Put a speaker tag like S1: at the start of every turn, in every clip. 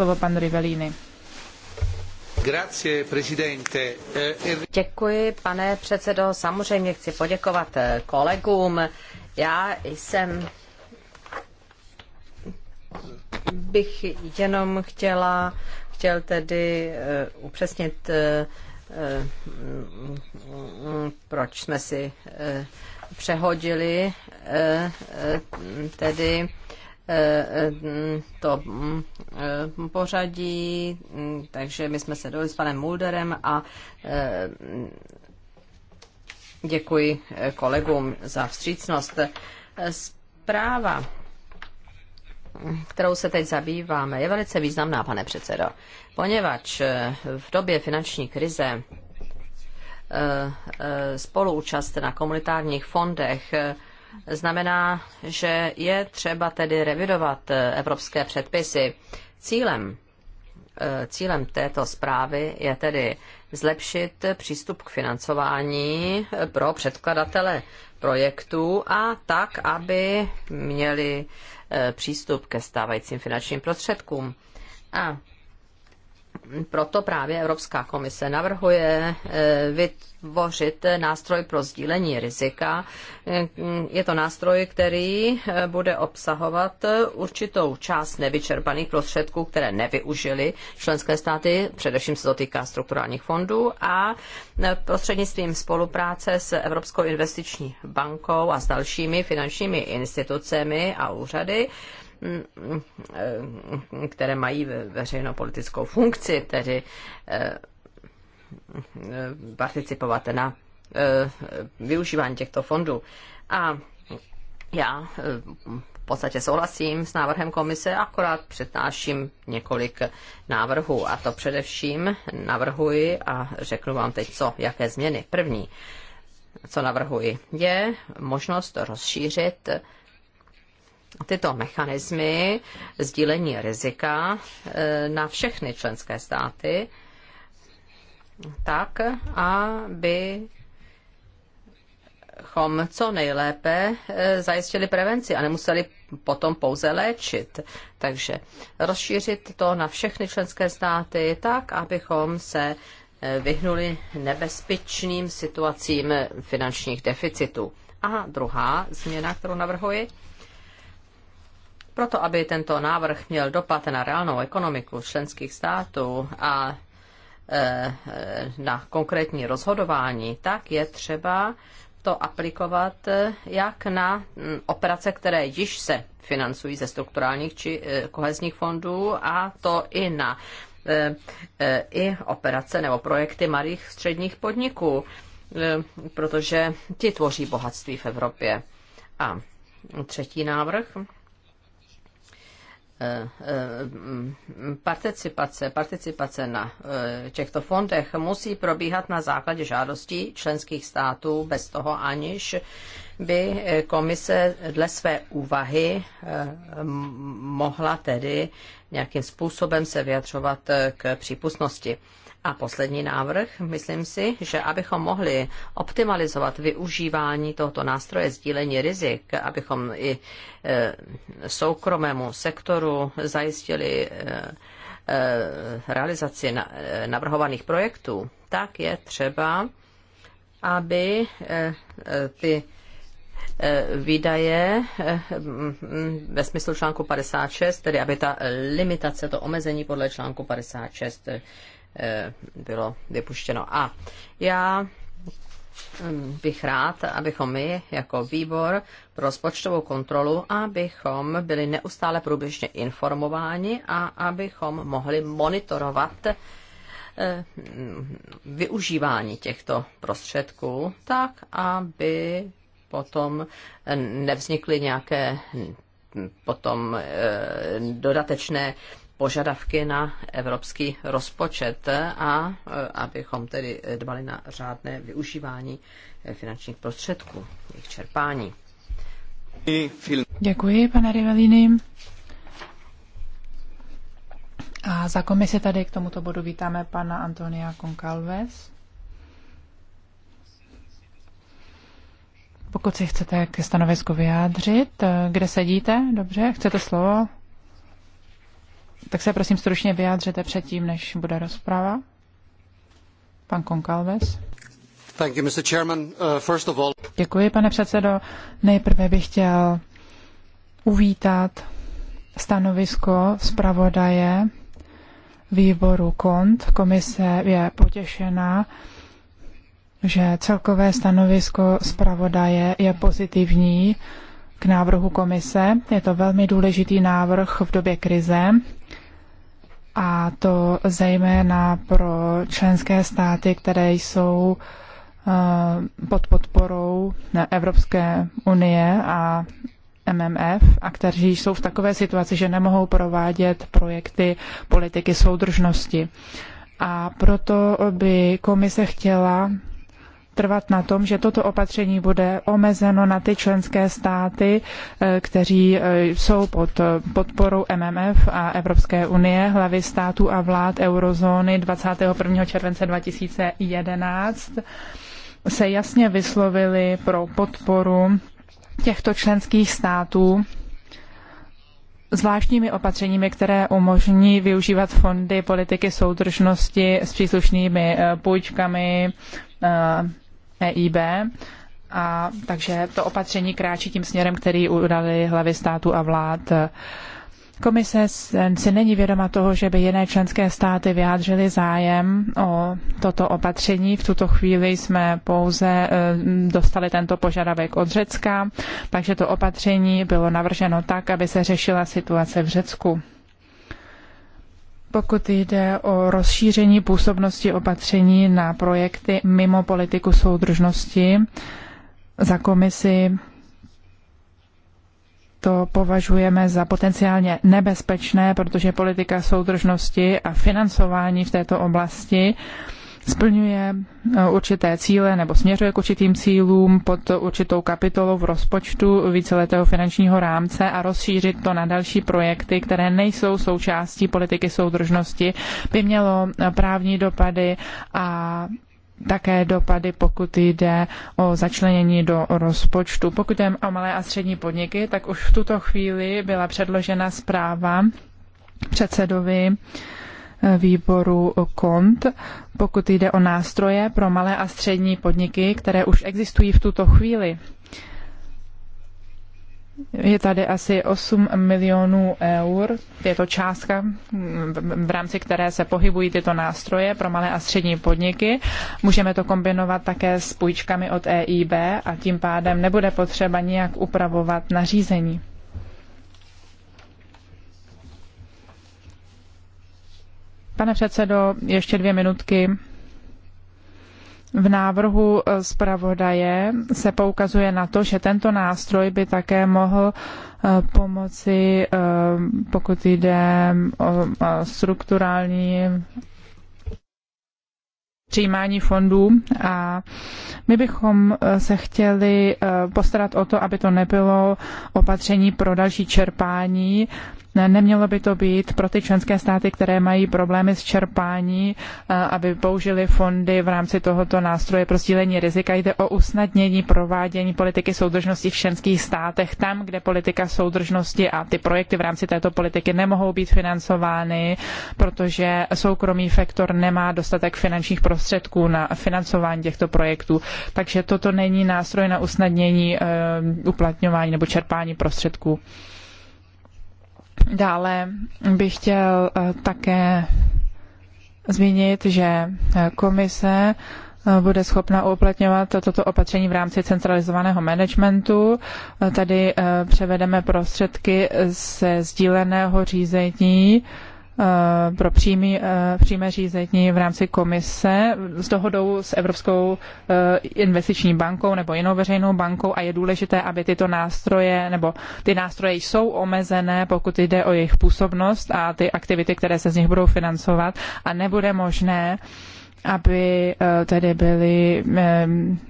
S1: Slovo pan eh, e- Děkuji, pane předsedo. Samozřejmě chci poděkovat eh, kolegům. Já jsem bych jenom chtěla, chtěl tedy eh, upřesnit, proč jsme si přehodili tedy Eh, eh, to mm, eh, pořadí, mm, takže my jsme se dojeli s panem Mulderem a děkuji kolegům za vstřícnost. Zpráva, kterou se teď zabýváme, je velice významná, pane předsedo, poněvadž v době finanční krize spoluúčast na komunitárních fondech znamená, že je třeba tedy revidovat eh, evropské předpisy. Cílem, eh, cílem této zprávy je tedy zlepšit přístup k financování eh, pro předkladatele projektů a tak, aby měli přístup ke stávajícím finančním prostředkům. A proto právě Evropská komise navrhuje eh, vytvořit nástroj pro sdílení rizika. Eh, je to nástroj, který eh, bude obsahovat určitou část nevyčerpaných prostředků, které nevyužily členské státy, především se to týká strukturálních fondů a prostřednictvím spolupráce s Evropskou investiční bankou a s dalšími finančními institucemi a úřady které mají veřejnopolitickou funkci, tedy eh, eh, participovat na eh, využívání těchto fondů. A já v podstatě souhlasím s návrhem komise, akorát přednáším několik návrhů. A to především navrhuji a řeknu vám teď co, jaké změny. První, co navrhuji, je možnost rozšířit tyto mechanismy sdílení rizika e, na všechny členské státy, tak, aby chom co nejlépe e, zajistili prevenci a nemuseli potom pouze léčit. Takže rozšířit to na všechny členské státy tak, abychom se e, vyhnuli nebezpečným situacím finančních deficitů. A druhá změna, kterou navrhuji, proto, aby tento návrh měl dopad na reálnou ekonomiku členských států a e, e, na konkrétní rozhodování, tak je třeba to aplikovat e, jak na operace, které již se financují ze strukturálních či kohezních fondů, a to i na i operace nebo projekty malých středních podniků, protože ti tvoří bohatství v Evropě. A třetí návrh Eh, eh, participace, participace na eh, těchto fondech musí probíhat na základě žádostí členských států bez toho, aniž by komise dle své úvahy mohla tedy nějakým způsobem se vyjadřovat k přípustnosti. A poslední návrh, myslím si, že abychom mohli optimalizovat využívání tohoto nástroje sdílení rizik, abychom i e, soukromému sektoru zajistili e, e, realizaci navrhovaných projektů, tak je třeba, aby ty výdaje ve smyslu článku 56, tedy aby ta limitace, to omezení podle článku 56 Eh, bylo vypuštěno. A já mm, bych rád, abychom my jako výbor pro rozpočtovou kontrolu, abychom byli neustále průběžně informováni a abychom mohli monitorovat eh, mm, využívání těchto prostředků tak, aby potom nevznikly nějaké potom eh, dodatečné požadavky na evropský rozpočet a abychom tedy dbali na řádné využívání finančních prostředků, jejich čerpání.
S2: Děkuji, pane Rivelini. A za komisi tady k tomuto bodu vítáme pana Antonia Konkalves. Pokud si chcete ke stanovisku vyjádřit, kde sedíte? Dobře, chcete slovo? tak se prosím stručně vyjádřete předtím, než bude rozprava. Pan Konkalves.
S1: Thank you, Mr. Chairman. Uh, first of all...
S2: Děkuji, pane předsedo. Nejprve bych chtěl uvítat stanovisko zpravodaje výboru KONT. Komise je potěšena, že celkové stanovisko zpravodaje je pozitivní k návrhu komise. Je to velmi důležitý návrh v době krize a to zejména pro členské státy, které jsou eh, pod podporou Evropské unie a MMF a kteří jsou v takové situaci, že nemohou provádět projekty politiky soudržnosti. A proto by komise chtěla trvat na tom, že toto opatření bude omezeno na ty členské státy, eh, kteří eh, jsou pod eh, podporou MMF a Evropské unie, hlavy států a vlád eurozóny 21. července 2011 se jasně vyslovili pro podporu těchto členských států zvláštními opatřeními, které umožní využívat fondy politiky soudržnosti s příslušnými půjčkami, EIB. A takže to opatření kráčí tím směrem, který udali hlavy státu a vlád. Komise si není vědoma toho, že by jiné členské státy vyjádřily zájem o toto opatření. V tuto chvíli jsme pouze e, dostali tento požadavek od Řecka, takže to opatření bylo navrženo tak, aby se řešila situace v Řecku pokud jde o rozšíření působnosti opatření na projekty mimo politiku soudržnosti, za komisi to považujeme za potenciálně nebezpečné, protože politika soudržnosti a financování v této oblasti splňuje eh, určité cíle nebo směřuje k určitým cílům pod určitou kapitolou v rozpočtu víceletého finančního rámce a rozšířit to na další projekty, které nejsou součástí politiky soudržnosti, by mělo eh, právní dopady a také dopady, pokud jde o začlenění do rozpočtu. Pokud jde o malé a střední podniky, tak už v tuto chvíli byla předložena zpráva předsedovi uh, výboru KONT, pokud jde o nástroje pro malé a střední podniky, které už existují v tuto chvíli. Je tady asi 8 milionů eur, je to částka, v rámci které se pohybují tyto nástroje pro malé a střední podniky. Můžeme to kombinovat také s půjčkami od EIB a tím pádem nebude potřeba nijak upravovat nařízení. Pane předsedo, ještě dvě minutky. V návrhu eh, zpravodaje se poukazuje na to, že tento nástroj by také mohl eh, pomoci, eh, pokud jde o strukturální přijímání fondů a my bychom se chtěli postarat o to, aby to nebylo opatření pro další čerpání, Nemělo by to být pro ty členské státy, které mají problémy s čerpání, eh, aby použili fondy v rámci tohoto nástroje pro sdílení rizika. Jde o usnadnění provádění politiky soudržnosti v členských státech, tam, kde politika soudržnosti a ty projekty v rámci této politiky nemohou být financovány, protože soukromý sektor nemá dostatek finančních prostředků na financování těchto projektů. Takže toto není nástroj na usnadnění eh, uplatňování nebo čerpání prostředků. Dále bych chtěl eh, také zmínit, že eh, komise eh, bude schopna uplatňovat toto opatření v rámci centralizovaného managementu. Tady převedeme prostředky ze sdíleného řízení Eh, pro přímý, eh, přímé řízení v rámci komise s dohodou s Evropskou eh, investiční bankou nebo jinou veřejnou bankou a je důležité, aby tyto nástroje nebo ty nástroje jsou omezené, pokud jde o jejich působnost a ty aktivity, které se z nich budou financovat a nebude možné uh, aby eh, tedy byly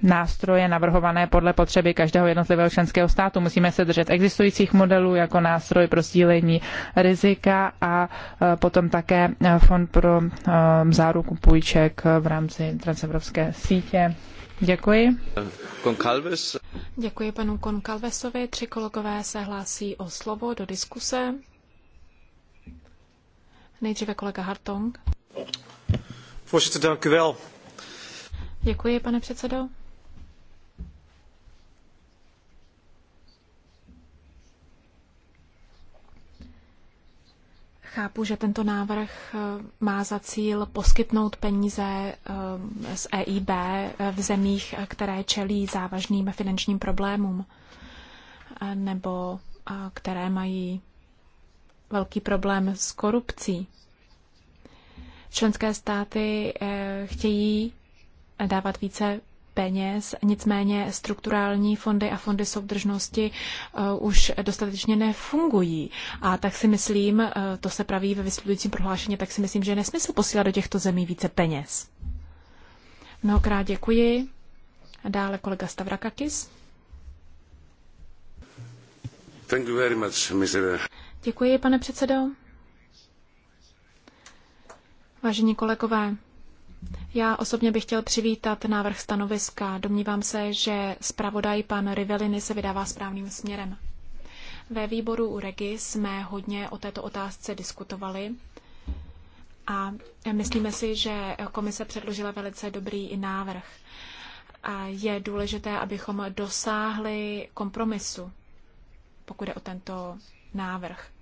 S2: nástroje navrhované podle potřeby každého jednotlivého členského státu. Musíme se držet existujících modelů jako nástroj pro sdílení rizika a eh, potom také eh, fond pro záruku půjček v rámci transevropské sítě. Děkuji.
S3: Konkalves. Děkuji panu Konkalvesovi. Tři kolegové se hlásí o slovo do diskuse. Nejdříve kolega Hartong.
S1: Voorzitter, dank u wel.
S3: Děkuji, pane předsedo. Chápu, že tento návrh eh, má za cíl poskytnout peníze eh, z EIB eh, v zemích, které čelí závažným finančním problémům nebo které mají velký problém s korupcí. Členské státy eh, chtějí dávat více peněz, nicméně strukturální fondy a fondy soudržnosti eh, už dostatečně nefungují. A tak si myslím, eh, to se praví ve vysvětlujícím prohlášení, tak si myslím, že je nesmysl posílat do těchto zemí více peněz. Mnohokrát děkuji. Dále kolega Stavrakakis. Thank you very much, Děkuji, pane předsedo. Vážení kolegové, já osobně bych chtěl přivítat návrh stanoviska. Domnívám se, že zpravodaj pan Rivelini se vydává správným směrem. Ve výboru u Regi jsme hodně o této otázce diskutovali a myslíme si, že komise předložila velice dobrý návrh. A je důležité, abychom dosáhli kompromisu, pokud je o tento návrh.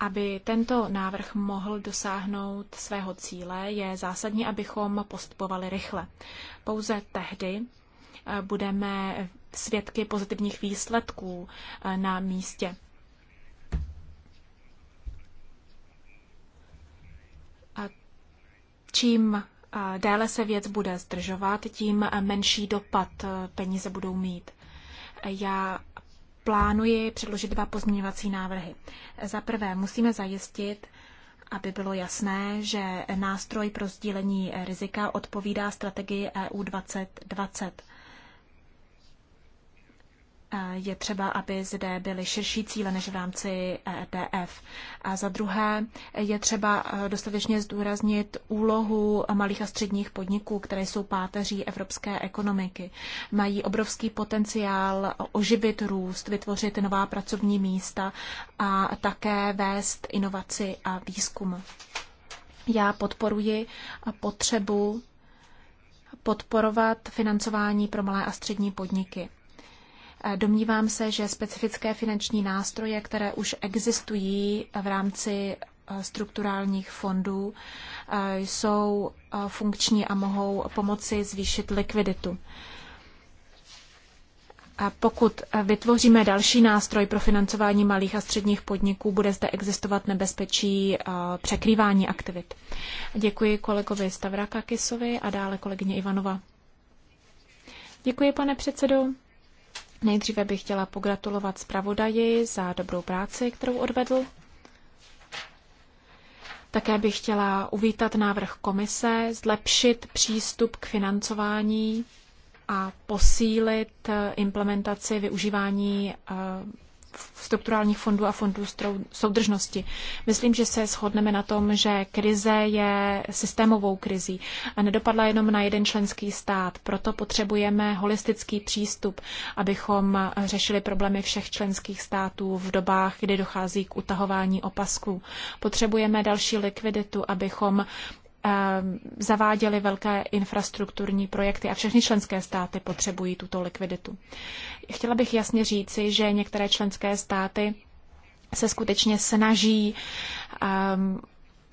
S3: Aby tento návrh mohl dosáhnout svého cíle, je zásadní, abychom postupovali rychle. Pouze tehdy eh, budeme svědky pozitivních výsledků eh, na místě. A čím eh, déle se věc bude zdržovat, tím menší dopad peníze budou mít. Já plánuji předložit dva pozměňovací návrhy. Za prvé musíme zajistit, aby bylo jasné, že nástroj pro sdílení rizika odpovídá strategii EU 2020 je třeba, aby zde byly širší cíle než v rámci EDF. A za druhé je třeba eh, dostatečně zdůraznit úlohu malých a středních podniků, které jsou páteří evropské ekonomiky. Mají obrovský potenciál oživit růst, vytvořit nová pracovní místa a také vést inovaci a výzkum. Já podporuji potřebu podporovat financování pro malé a střední podniky. Eh, domnívám se, že specifické finanční nástroje, které už existují v rámci eh, strukturálních fondů, eh, jsou funkční a mohou pomoci zvýšit likviditu. A pokud vytvoříme další nástroj pro financování malých a středních podniků, bude zde existovat nebezpečí překrývání aktivit. Děkuji kolegovi Stavrakakisovi a dále kolegyně Ivanova. Děkuji, pane předsedo. Nejdříve bych chtěla pogratulovat zpravodaji za dobrou práci, kterou odvedl. Také bych chtěla uvítat návrh komise, zlepšit přístup k financování a posílit eh, implementaci využívání eh, strukturálních fondů a fondů soudržnosti. Myslím, že se shodneme na tom, že krize je systémovou krizí a nedopadla jenom na jeden členský stát. Proto potřebujeme holistický přístup, abychom řešili problémy všech členských států v dobách, kdy dochází k utahování opasků. Potřebujeme další likviditu, abychom Ehm, zaváděly velké infrastrukturní projekty a všechny členské státy potřebují tuto likviditu. Chtěla bych jasně říci, že některé členské státy se skutečně snaží um,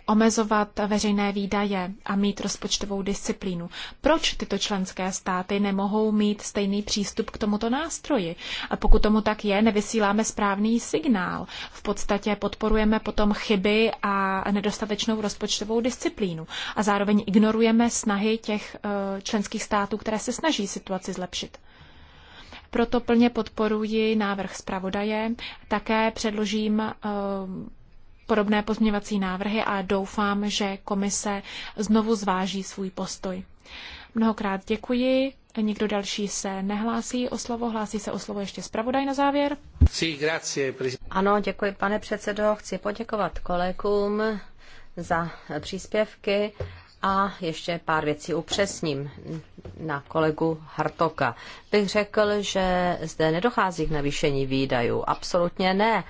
S3: omezovat veřejné výdaje a mít rozpočtovou disciplínu. Proč tyto členské státy nemohou mít stejný přístup k tomuto nástroji? A pokud tomu tak je, nevysíláme správný signál. V podstatě podporujeme potom chyby a nedostatečnou rozpočtovou disciplínu. A zároveň ignorujeme snahy těch eh, členských států, které se snaží situaci zlepšit. Proto plně podporuji návrh zpravodaje. Také předložím eh, podobné pozměňovací návrhy a doufám, že komise znovu zváží svůj postoj. Mnohokrát děkuji. Nikdo další se nehlásí o slovo. Hlásí se o slovo ještě zpravodaj na závěr. Ano, děkuji, pane předsedo. Chci poděkovat kolegům za
S1: příspěvky a ještě pár věcí upřesním na kolegu Hartoka. Bych řekl, že zde nedochází k navýšení výdajů. Absolutně ne.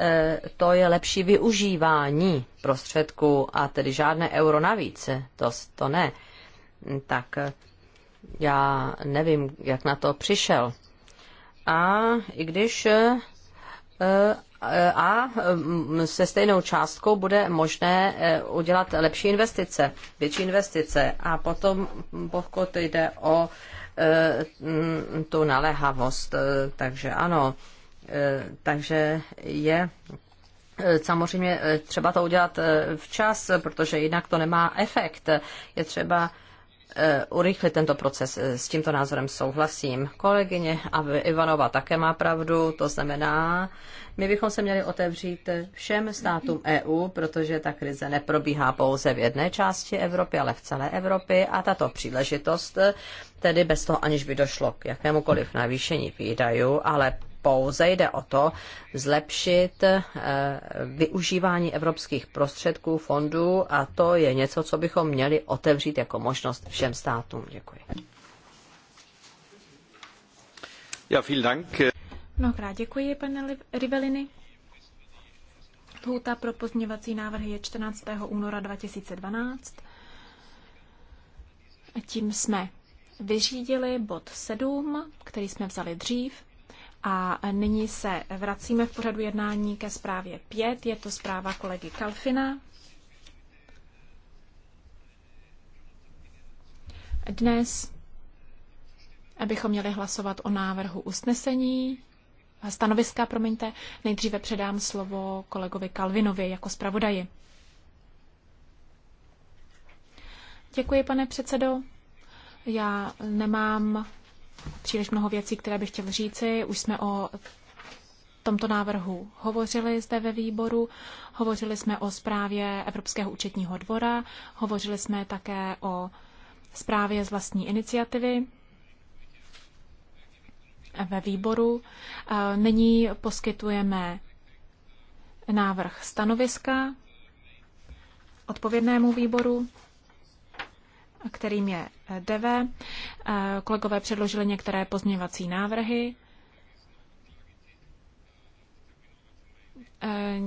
S1: Eh, to je lepší využívání prostředků a tedy žádné euro navíc, eh, to, to ne. Hm, tak eh, já nevím, jak na to přišel. A i když a hm, se stejnou částkou bude možné udělat lepší investice, větší investice. A potom, hm, pokud jde o tu naléhavost, takže ano, Eh, takže je eh, samozřejmě eh, třeba to udělat včas, protože jinak to nemá efekt. Je třeba urychlit tento proces. S tímto názorem souhlasím. Kolegyně Ivanova také má pravdu, to znamená, my bychom se měli otevřít všem státům EU, protože ta krize neprobíhá pouze v jedné části Evropy, ale v celé Evropě a tato příležitost, tedy bez toho aniž by došlo k jakémukoliv navýšení výdajů, ale pouze jde o to zlepšit eh, využívání evropských prostředků fondů a to je něco, co bychom měli otevřít jako možnost všem státům. Děkuji.
S2: Ja, vielen Dank.
S3: Mnohokrát děkuji, pane Rivelini. Lhůta pro pozměňovací návrhy je 14. února 2012. A tím jsme vyřídili bod 7, který jsme vzali dřív. A nyní se vracíme v pořadu jednání ke zprávě 5. Je to zpráva kolegy Kalfina. Dnes abychom měli hlasovat o návrhu usnesení, stanoviska, promiňte, nejdříve předám slovo kolegovi Kalvinovi jako zpravodaji. Děkuji, pane předsedo. Já nemám příliš mnoho věcí, které bych chtěl říci. Už jsme o tomto návrhu hovořili zde ve výboru, hovořili jsme o zprávě Evropského účetního dvora, hovořili jsme také o zprávě z vlastní iniciativy ve výboru. Eh, nyní poskytujeme návrh stanoviska odpovědnému výboru kterým je eh, DV. Eh, kolegové předložili některé pozměňovací návrhy. Eh,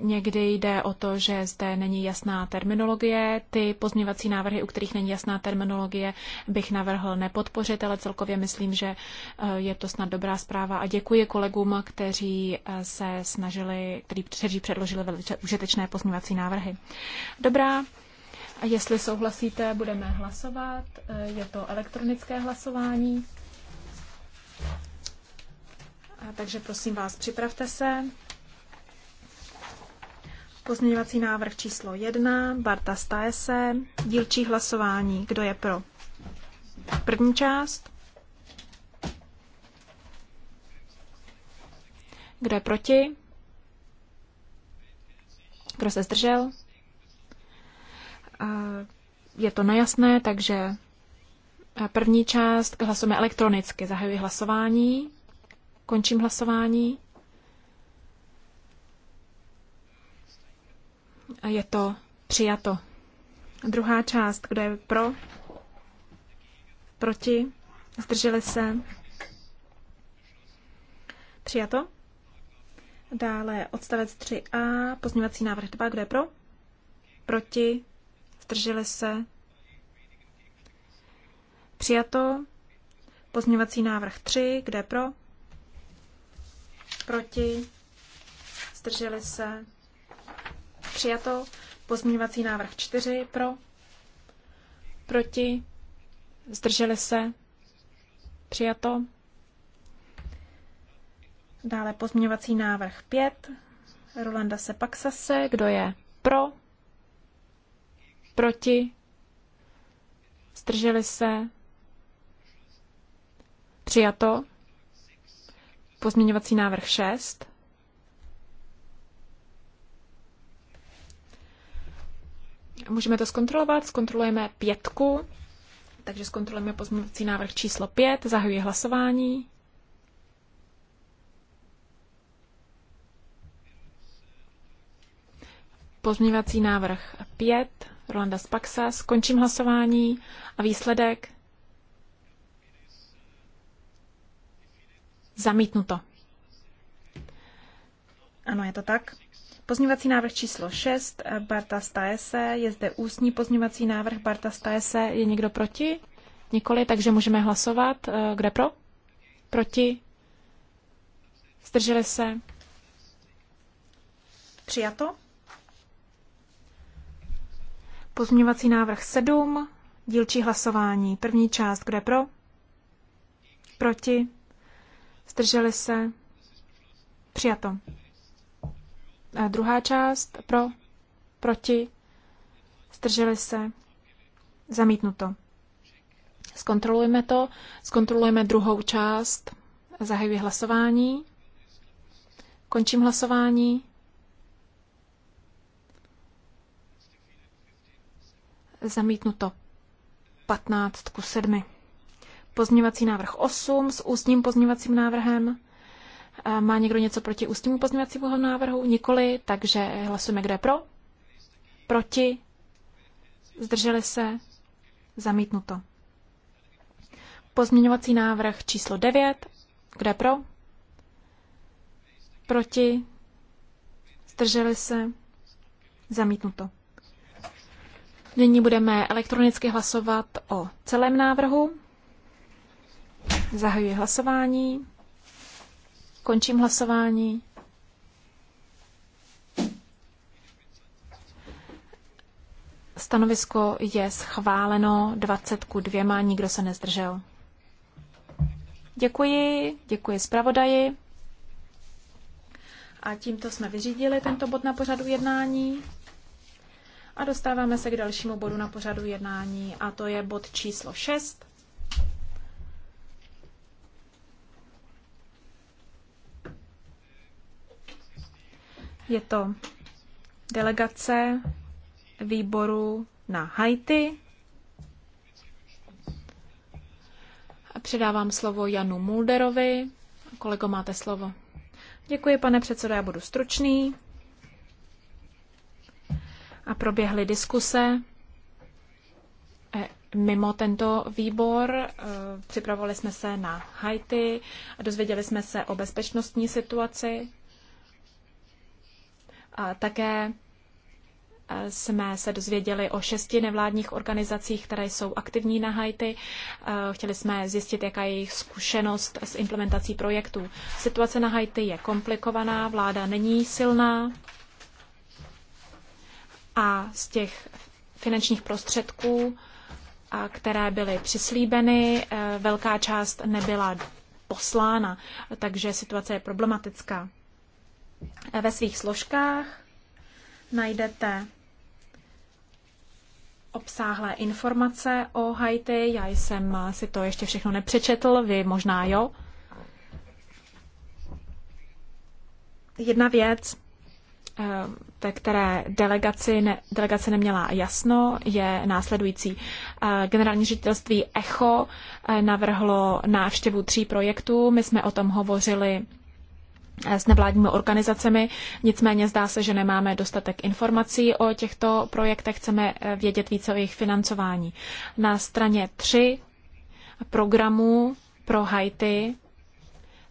S3: někdy jde o to, že zde není jasná terminologie. Ty pozměvací návrhy, u kterých není jasná terminologie, bych navrhl nepodpořit, ale celkově myslím, že je to snad dobrá zpráva a děkuji kolegům, kteří se snažili, kteří předložili velice užitečné pozměvací návrhy. Dobrá, a jestli souhlasíte, budeme hlasovat. E, je to elektronické hlasování. A takže prosím vás, připravte se. Pozměňovací návrh číslo 1, Barta Staese, dílčí hlasování. Kdo je pro? První část. Kdo je proti? Kdo se zdržel? Je to nejasné, takže eh, první část hlasujeme elektronicky. Zahajuji hlasování, končím hlasování. A je to přijato. Druhá část, kdo je pro, proti, zdrželi se. Přijato. Dále odstavec 3a, pozměňovací návrh 2, kdo je pro, proti, zdrželi se, přijato. Pozměňovací návrh 3, kde pro, proti, zdrželi se, přijato. Pozměňovací návrh 4, pro, proti, zdrželi se, přijato. Dále pozměňovací návrh 5, Rolanda Sepaxase, kdo je pro, Proti? Zdrželi se? Přijato? Pozměňovací návrh 6. Můžeme to zkontrolovat. Zkontrolujeme pětku. Takže zkontrolujeme pozměňovací návrh číslo 5. Zahajuji hlasování. Pozměňovací návrh 5, Rolanda Spaxa. Skončím hlasování a výsledek zamítnuto. Ano, je to tak. Pozměňovací návrh číslo 6 eh, Barta Staese. Je zde ústní pozměňovací návrh Barta Staese. Je někdo proti? Nikoli, takže můžeme hlasovat. Eh, kde pro? Proti? Zdrželi se? Přijato? Pozměňovací návrh 7, dílčí hlasování. První část, kde pro? Proti? Zdrželi se? Přijato. A druhá část, pro? Proti? Zdrželi se? Zamítnuto. Zkontrolujeme to. Zkontrolujeme druhou část. Zahajuji hlasování. Končím hlasování. Zamítnuto 15 ku 7. Pozměňovací návrh 8 s ústním pozměňovacím návrhem. Eh, má někdo něco proti ústnímu pozměňovacímu návrhu? Nikoli, takže hlasujeme, kde pro. Proti. Zdrželi se. Zamítnuto. Pozměňovací návrh číslo 9. Kde pro? Proti. Zdrželi se. Zamítnuto. Nyní budeme elektronicky hlasovat o celém návrhu. Zahajuji hlasování. Končím hlasování. Stanovisko je schváleno 20 ku 2, nikdo se nezdržel. Děkuji, děkuji zpravodaji. A tímto jsme vyřídili tento bod na pořadu jednání. A dostáváme se k dalšímu bodu na pořadu jednání a to je bod číslo 6. Je to delegace výboru na Haiti. A předávám slovo Janu Mulderovi. Kolego, máte slovo. Děkuji, pane předsedo, já budu stručný a proběhly diskuse eh, mimo tento výbor. Eh, připravovali jsme se na Haiti, dozvěděli jsme se o bezpečnostní situaci. A také eh, jsme se dozvěděli o šesti nevládních organizacích, které jsou aktivní na Haiti. Chtěli jsme zjistit, jaká je jejich zkušenost s implementací projektů. Situace na Haiti je komplikovaná, vláda není silná a z těch finančních prostředků, které byly přislíbeny, e, velká část nebyla poslána, takže situace je problematická. E, ve svých složkách najdete obsáhlé informace o Haiti. Já jsem si to ještě všechno nepřečetl, vy možná jo. Jedna věc, té, které delegaci ne, delegace neměla jasno, je následující. Generální ředitelství ECHO e, navrhlo návštěvu tří projektů. My jsme o tom hovořili e, s nevládními organizacemi. Nicméně zdá se, že nemáme dostatek informací o těchto projektech. Chceme e, vědět více o jejich financování. Na straně 3 programu pro Haiti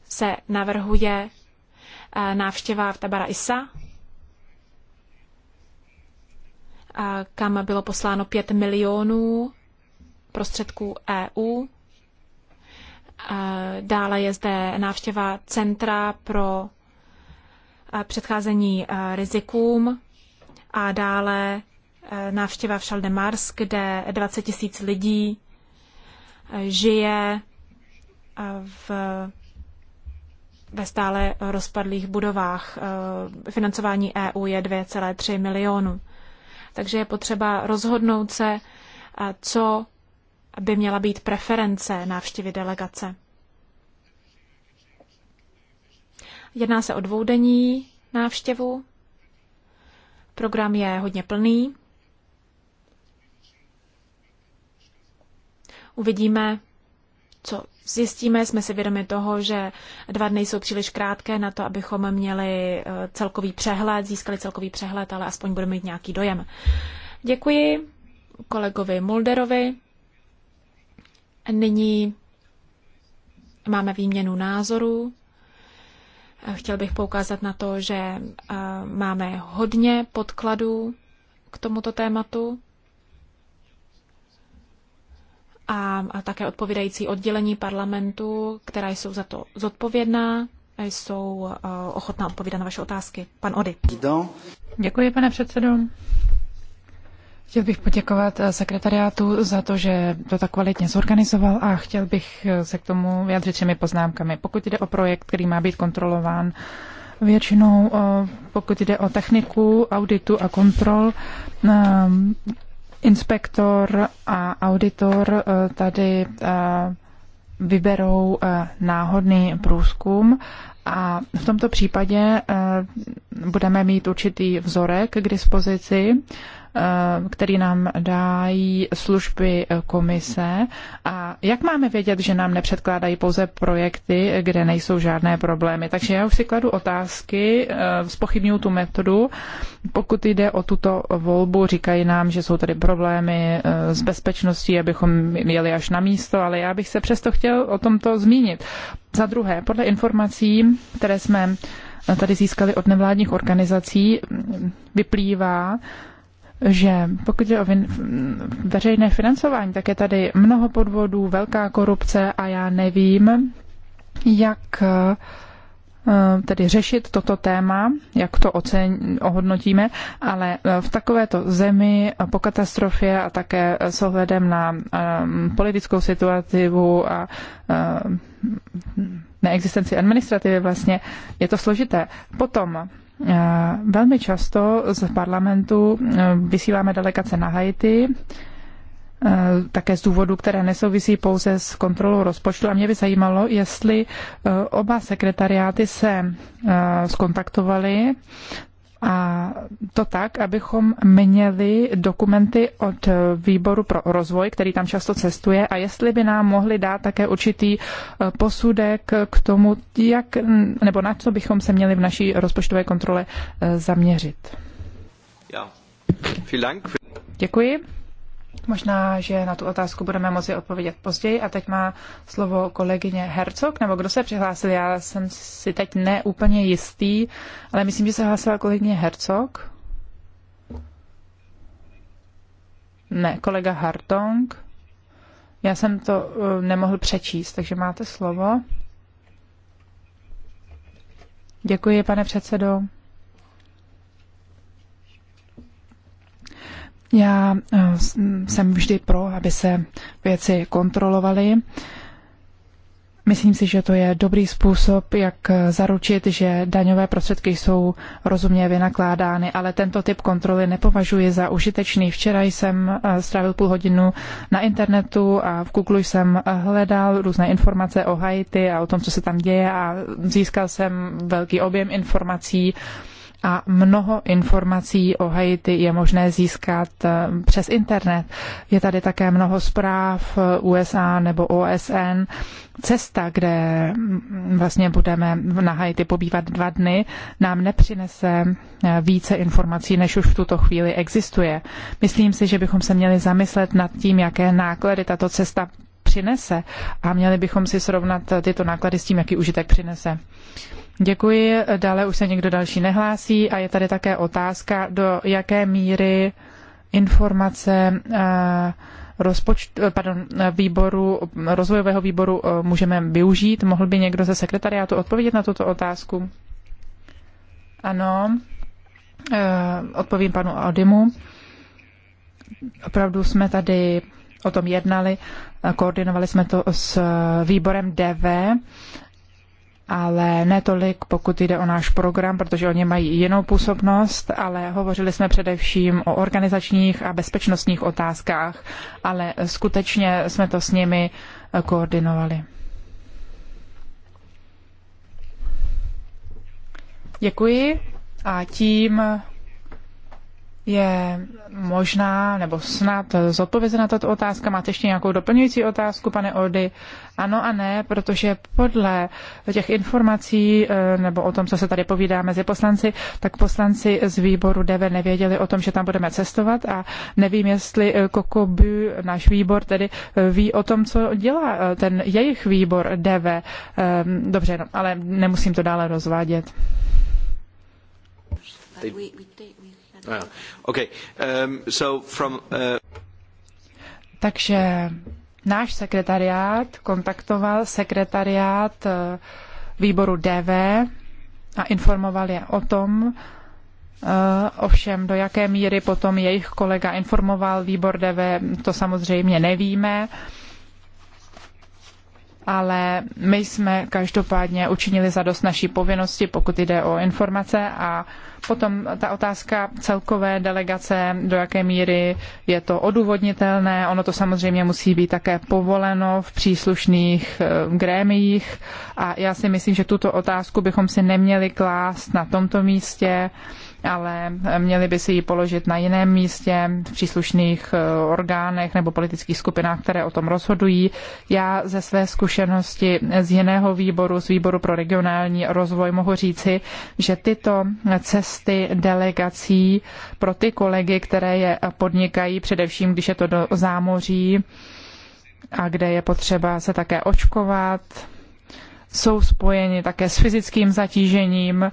S3: se navrhuje návštěva v Tabara Isa kam bylo posláno 5 milionů prostředků EU. Dále je zde návštěva Centra pro předcházení rizikům a dále návštěva v Šaldemars, kde 20 tisíc lidí žije v, ve stále rozpadlých budovách. Financování EU je 2,3 milionů. Takže je potřeba rozhodnout se, co by měla být preference návštěvy delegace. Jedná se o dvoudenní návštěvu. Program je hodně plný. Uvidíme, co zjistíme, jsme si vědomi toho, že dva dny jsou příliš krátké na to, abychom měli eh, celkový přehled, získali celkový přehled, ale aspoň budeme mít nějaký dojem. Děkuji kolegovi Mulderovi. Nyní máme výměnu názorů. Chtěl bych poukázat na to, že eh, máme hodně podkladů k tomuto tématu a, a také odpovídající oddělení parlamentu, která jsou za to zodpovědná, jsou uh, ochotná odpovídat na vaše otázky. Pan Ody. Děkuji, pane předsedo.
S2: Chtěl bych poděkovat eh, sekretariátu za to, že to tak kvalitně zorganizoval a chtěl bych eh, se k tomu vyjádřit třemi poznámkami. Pokud jde o projekt, který má být kontrolován většinou, eh, pokud jde o techniku, auditu a kontrol, inspektor a auditor eh, tady eh, vyberou eh, náhodný průzkum a v tomto případě budeme mít určitý vzorek k dispozici Eh, který nám dají služby eh, komise. A jak máme vědět, že nám nepředkládají pouze projekty, kde nejsou žádné problémy? Takže já už si kladu otázky, eh, spochybnuju tu metodu. Pokud jde o tuto volbu, říkají nám, že jsou tady problémy s bezpečností, abychom jeli až na místo, ale já bych se přesto chtěl o tomto zmínit. Za druhé, podle informací, které jsme tady získali od nevládních organizací, vyplývá, že pokud je o veřejné financování, tak je tady mnoho podvodů, velká korupce a já nevím, jak eh, tedy řešit toto téma, jak to oceň, ohodnotíme, ale eh, v takovéto zemi eh, po katastrofě a také s ohledem na ehm, politickou situaci a ehm, neexistenci administrativy vlastně je to složité. Potom Eh, velmi často z parlamentu eh, vysíláme delegace na Haiti, eh, také z důvodu, které nesouvisí pouze s kontrolou rozpočtu. A mě by zajímalo, jestli oba sekretariáty se skontaktovaly a to tak, abychom měli dokumenty od výboru pro rozvoj, který tam často cestuje, a jestli by nám mohli dát také určitý e, posudek k tomu, jak, nebo na co bychom se měli v naší rozpočtové kontrole e, zaměřit. Děkuji. Možná, že na tu otázku budeme moci odpovědět později. A teď má slovo kolegyně Hercog, nebo kdo se přihlásil? Já jsem si teď neúplně jistý, ale myslím, že se hlásila kolegyně Hercog. Ne, kolega Hartong. Já jsem to uh, nemohl přečíst, takže máte slovo. Děkuji, pane předsedo. Já eh, jsem vždy pro, aby se věci kontrolovaly. Myslím si, že to je dobrý způsob, jak eh, zaručit, že daňové prostředky jsou rozumně vynakládány, ale tento typ kontroly nepovažuji za užitečný. Včera jsem eh, strávil půl hodinu na internetu a v Google jsem hledal různé informace o Haiti a o tom, co se tam děje a získal jsem velký objem informací a mnoho informací o Haiti je možné získat eh, přes internet. Je tady také mnoho zpráv eh, USA nebo OSN. Cesta, kde mm, vlastně budeme na Haiti pobývat dva dny, nám nepřinese eh, více informací, než už v tuto chvíli existuje. Myslím si, že bychom se měli zamyslet nad tím, jaké náklady tato cesta přinese a měli bychom si srovnat tyto náklady s tím, jaký užitek přinese. Děkuji. Dále už se někdo další nehlásí a je tady také otázka, do jaké míry informace eh, rozpočtu, eh, pardon, eh, výboru, rozvojového výboru můžeme využít. Mohl by někdo ze sekretariátu odpovědět na tuto otázku? Ano, odpovím panu Audimu. Opravdu jsme tady o tom jednali, koordinovali jsme to s výborem DV, ale netolik, pokud jde o náš program, protože oni mají jinou působnost, ale hovořili jsme především o organizačních a bezpečnostních otázkách, ale skutečně jsme to s nimi koordinovali. Děkuji a tím je možná nebo snad zodpovězena tato otázka. Máte ještě nějakou doplňující otázku, pane Oldy? Ano a ne, protože podle těch informací eh, nebo o tom, co se tady povídá mezi poslanci, tak poslanci z výboru DV nevěděli o tom, že tam budeme cestovat a nevím, jestli Kokobu, eh, náš výbor, tedy eh, ví o tom, co dělá ten jejich výbor DV. Dobře, no, ale nemusím to dále rozvádět.
S3: Ah, um, uh,
S2: Takže náš sekretariát kontaktoval sekretariát uh, výboru DV a informoval je o tom, uh, Ovšem, do jaké míry potom jejich kolega informoval výbor DV, to samozřejmě nevíme ale my jsme každopádně učinili zadost naší povinnosti, pokud jde o informace a potom ta otázka celkové delegace, do jaké míry je to odůvodnitelné, ono to samozřejmě musí být také povoleno v příslušných eh, grémiích a já si myslím, že tuto otázku bychom si neměli klást na tomto místě, ale měli by si ji položit na jiném místě, v příslušných eh, orgánech nebo politických skupinách, které o tom rozhodují. Já ze své zkušenosti z jiného výboru, z výboru pro regionální rozvoj, mohu říci, že tyto cesty delegací pro ty kolegy, které je podnikají, především když je to do zámoří a kde je potřeba se také očkovat, jsou spojeny také s fyzickým zatížením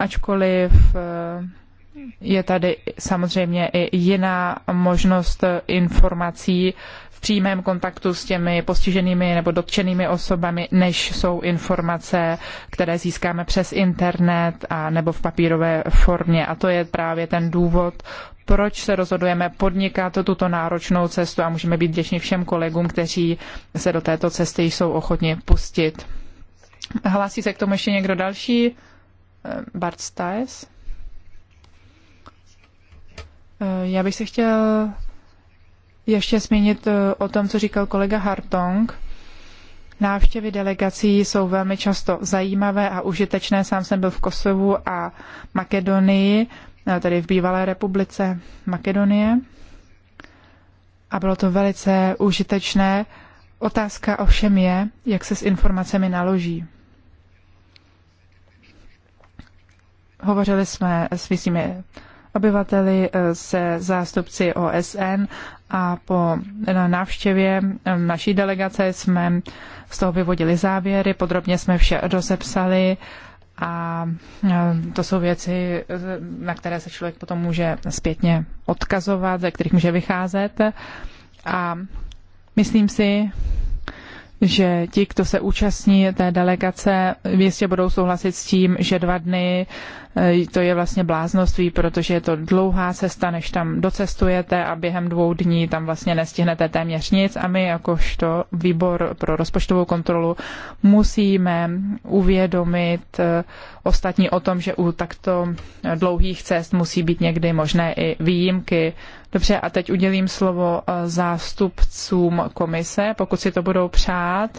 S2: ačkoliv eh, je tady samozřejmě i jiná možnost informací v přímém kontaktu s těmi postiženými nebo dotčenými osobami, než jsou informace, které získáme přes internet a nebo v papírové formě. A to je právě ten důvod, proč se rozhodujeme podnikat tuto náročnou cestu a můžeme být vděční všem kolegům, kteří se do této cesty jsou ochotni pustit. Hlásí se k tomu ještě někdo další? Bart Stiles. Eh, já bych se chtěl ještě zmínit eh, o tom, co říkal kolega Hartong. Návštěvy delegací jsou velmi často zajímavé a užitečné. Sám jsem byl v Kosovu a Makedonii, eh, tedy v bývalé republice Makedonie. A bylo to velice užitečné. Otázka ovšem je, jak se s informacemi naloží. Hovořili jsme s místními obyvateli, eh, se zástupci OSN a po eh, návštěvě eh, naší delegace jsme z toho vyvodili závěry, podrobně jsme vše dosepsali a to jsou věci, na které se člověk potom může zpětně odkazovat, ze kterých může vycházet. A myslím si, že ti, kdo se účastní té delegace, jistě budou souhlasit s tím, že dva dny Eh, to je vlastně bláznoství, protože je to dlouhá cesta, než tam docestujete a během dvou dní tam vlastně nestihnete téměř nic a my jakožto výbor pro rozpočtovou kontrolu musíme uvědomit eh, ostatní o tom, že u takto dlouhých cest musí být někdy možné i výjimky. Dobře, a teď udělím slovo eh, zástupcům komise, pokud si to budou přát.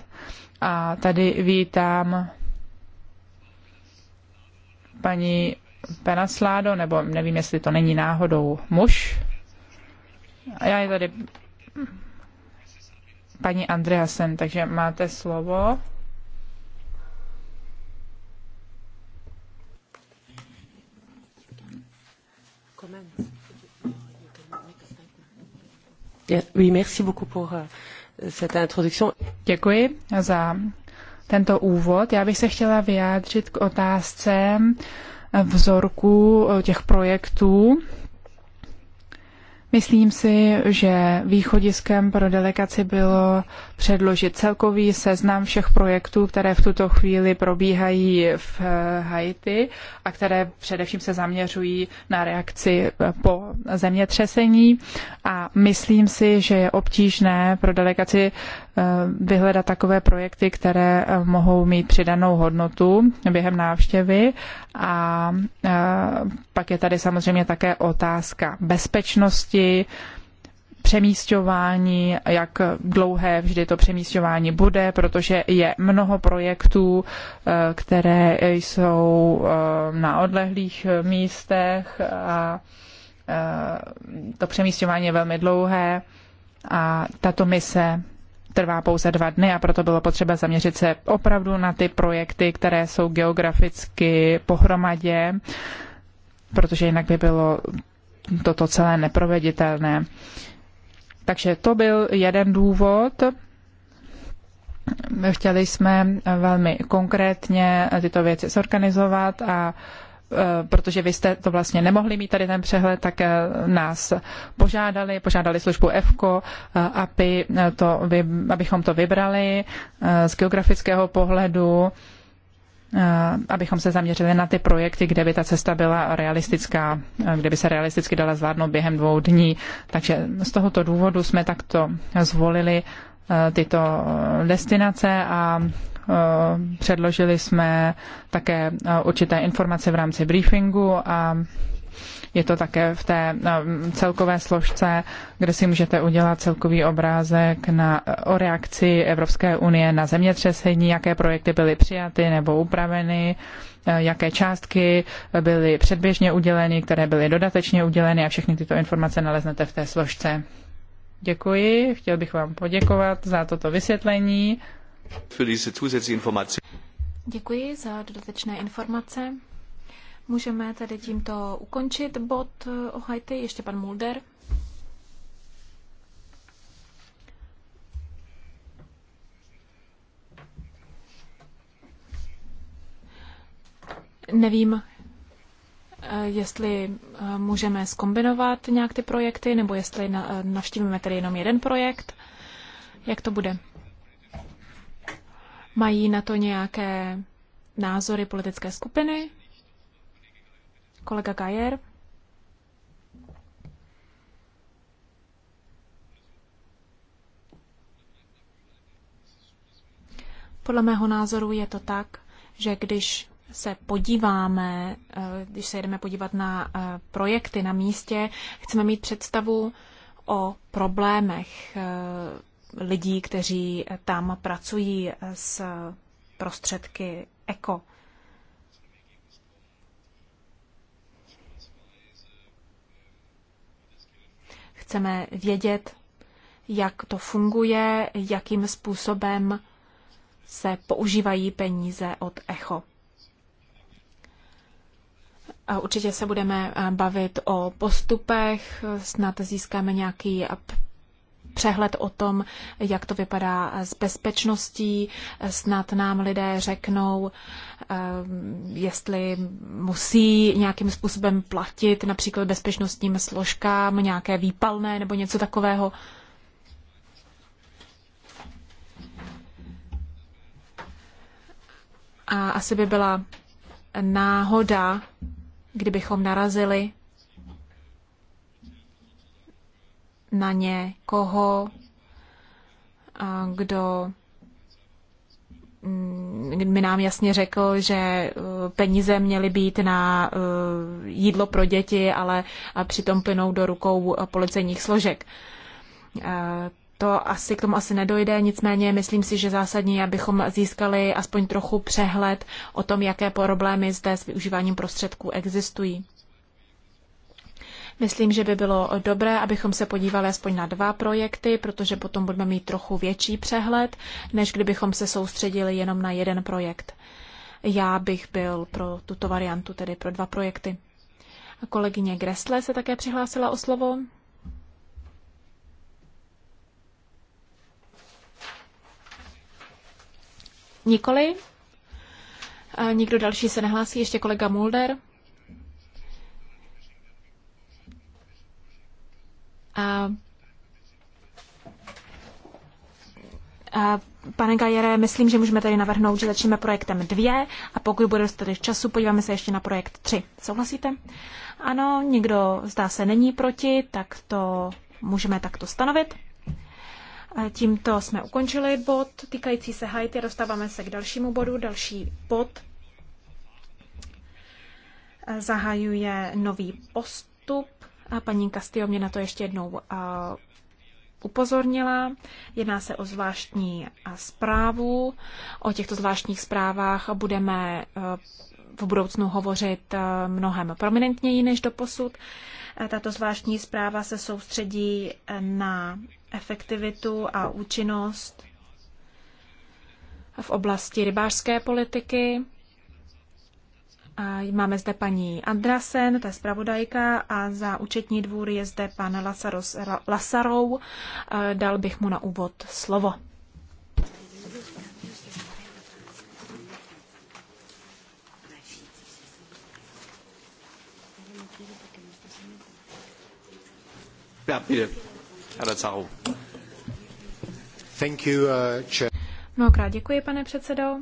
S2: A tady vítám paní Penasládo, nebo nevím, jestli to není náhodou muž. Já je tady paní Andreasen, takže máte slovo. Euh, Děkuji za tento úvod. Já bych se chtěla vyjádřit k otázce vzorku eh, těch projektů. Myslím si, že východiskem pro delegaci bylo předložit celkový seznam všech projektů, které v tuto chvíli probíhají v eh, Haiti a které především se zaměřují na reakci eh, po zemětřesení. A myslím si, že je obtížné pro delegaci eh, vyhledat takové projekty, které mohou mít přidanou hodnotu během návštěvy. A pak je tady samozřejmě také otázka bezpečnosti, přemístování, jak dlouhé vždy to přemístování bude, protože je mnoho projektů, eh, které jsou eh, na odlehlých místech a eh, to přemístování je velmi dlouhé a tato mise trvá pouze dva dny a proto bylo potřeba zaměřit se opravdu na ty projekty, které jsou geograficky pohromadě, protože jinak by bylo toto celé neproveditelné. Takže to byl jeden důvod. Chtěli jsme velmi konkrétně tyto věci zorganizovat a e, protože vy jste to vlastně nemohli mít tady ten přehled, tak e, nás požádali, požádali službu EFKO, e, aby to, abychom to vybrali z geografického pohledu Eh, abychom se zaměřili na ty projekty, kde by ta cesta byla realistická, eh, kde by se realisticky dala zvládnout během dvou dní. Takže z tohoto důvodu jsme takto zvolili eh, tyto destinace a předložili jsme také určité informace v rámci briefingu a je to také v té eh, celkové složce, kde si můžete udělat celkový obrázek na, o reakci Evropské unie na zemětřesení, jaké projekty byly přijaty nebo upraveny, eh, jaké částky byly předběžně uděleny, které byly dodatečně uděleny a všechny tyto informace naleznete v té složce. Děkuji, chtěl bych vám poděkovat za toto vysvětlení.
S3: Děkuji za dodatečné informace. Můžeme tedy tímto ukončit bod eh, o Haiti. Ještě pan Mulder. Nevím, eh, jestli eh, můžeme skombinovat nějak ty projekty, nebo jestli navštívíme tedy jenom jeden projekt. Jak to bude? Mají na to nějaké názory politické skupiny? Kolega Gajer. Podle mého názoru je to tak, že když se podíváme, eh, když se jedeme podívat na eh, projekty na místě, chceme mít představu o problémech eh, lidí, kteří tam pracují s prostředky eko. Chceme vědět, jak to funguje, jakým způsobem se používají peníze od ECHO. A určitě se budeme bavit o postupech, snad získáme nějaký přehled o tom, jak to vypadá s bezpečností. Snad nám lidé řeknou, ehm, jestli musí nějakým způsobem platit například bezpečnostním složkám nějaké výpalné nebo něco takového. A asi by byla náhoda, kdybychom narazili na ně koho, kdo mi mm, nám jasně řekl, že uh, peníze měly být na uh, jídlo pro děti, ale přitom plynou do rukou uh, policejních složek. To asi k tomu asi nedojde, nicméně myslím si, že zásadní, abychom získali aspoň trochu přehled o tom, jaké problémy zde s využíváním prostředků existují. Myslím, že by bylo dobré, abychom se podívali aspoň na dva projekty, protože potom budeme mít trochu větší přehled, než kdybychom se soustředili jenom na jeden projekt. Já bych byl pro tuto variantu, tedy pro dva projekty. A kolegyně Gressle se také přihlásila o slovo. Nikoli. A nikdo další se nehlásí, ještě kolega Mulder. A, a Pane Gajere, myslím, že můžeme tady navrhnout, že začneme projektem 2 a pokud bude dostatek času, podíváme se ještě na projekt 3. Souhlasíte? Ano, někdo zdá se není proti, tak to můžeme takto stanovit. Tímto jsme ukončili bod týkající se Haiti, dostáváme se k dalšímu bodu. Další bod zahajuje nový postup a paní Castillo mě na to ještě jednou uh, upozornila. Jedná se o zvláštní uh, zprávu. O těchto zvláštních zprávách budeme uh, v budoucnu hovořit mnohem prominentněji než do posud. Tato zvláštní zpráva se soustředí na efektivitu a účinnost v oblasti rybářské politiky Máme zde paní Andrasen, to je zpravodajka, a za účetní dvůr je zde pan Lasaros, Lasarou. E, dal bych mu na úvod slovo. Uh, Mnohokrát děkuji, pane předsedo.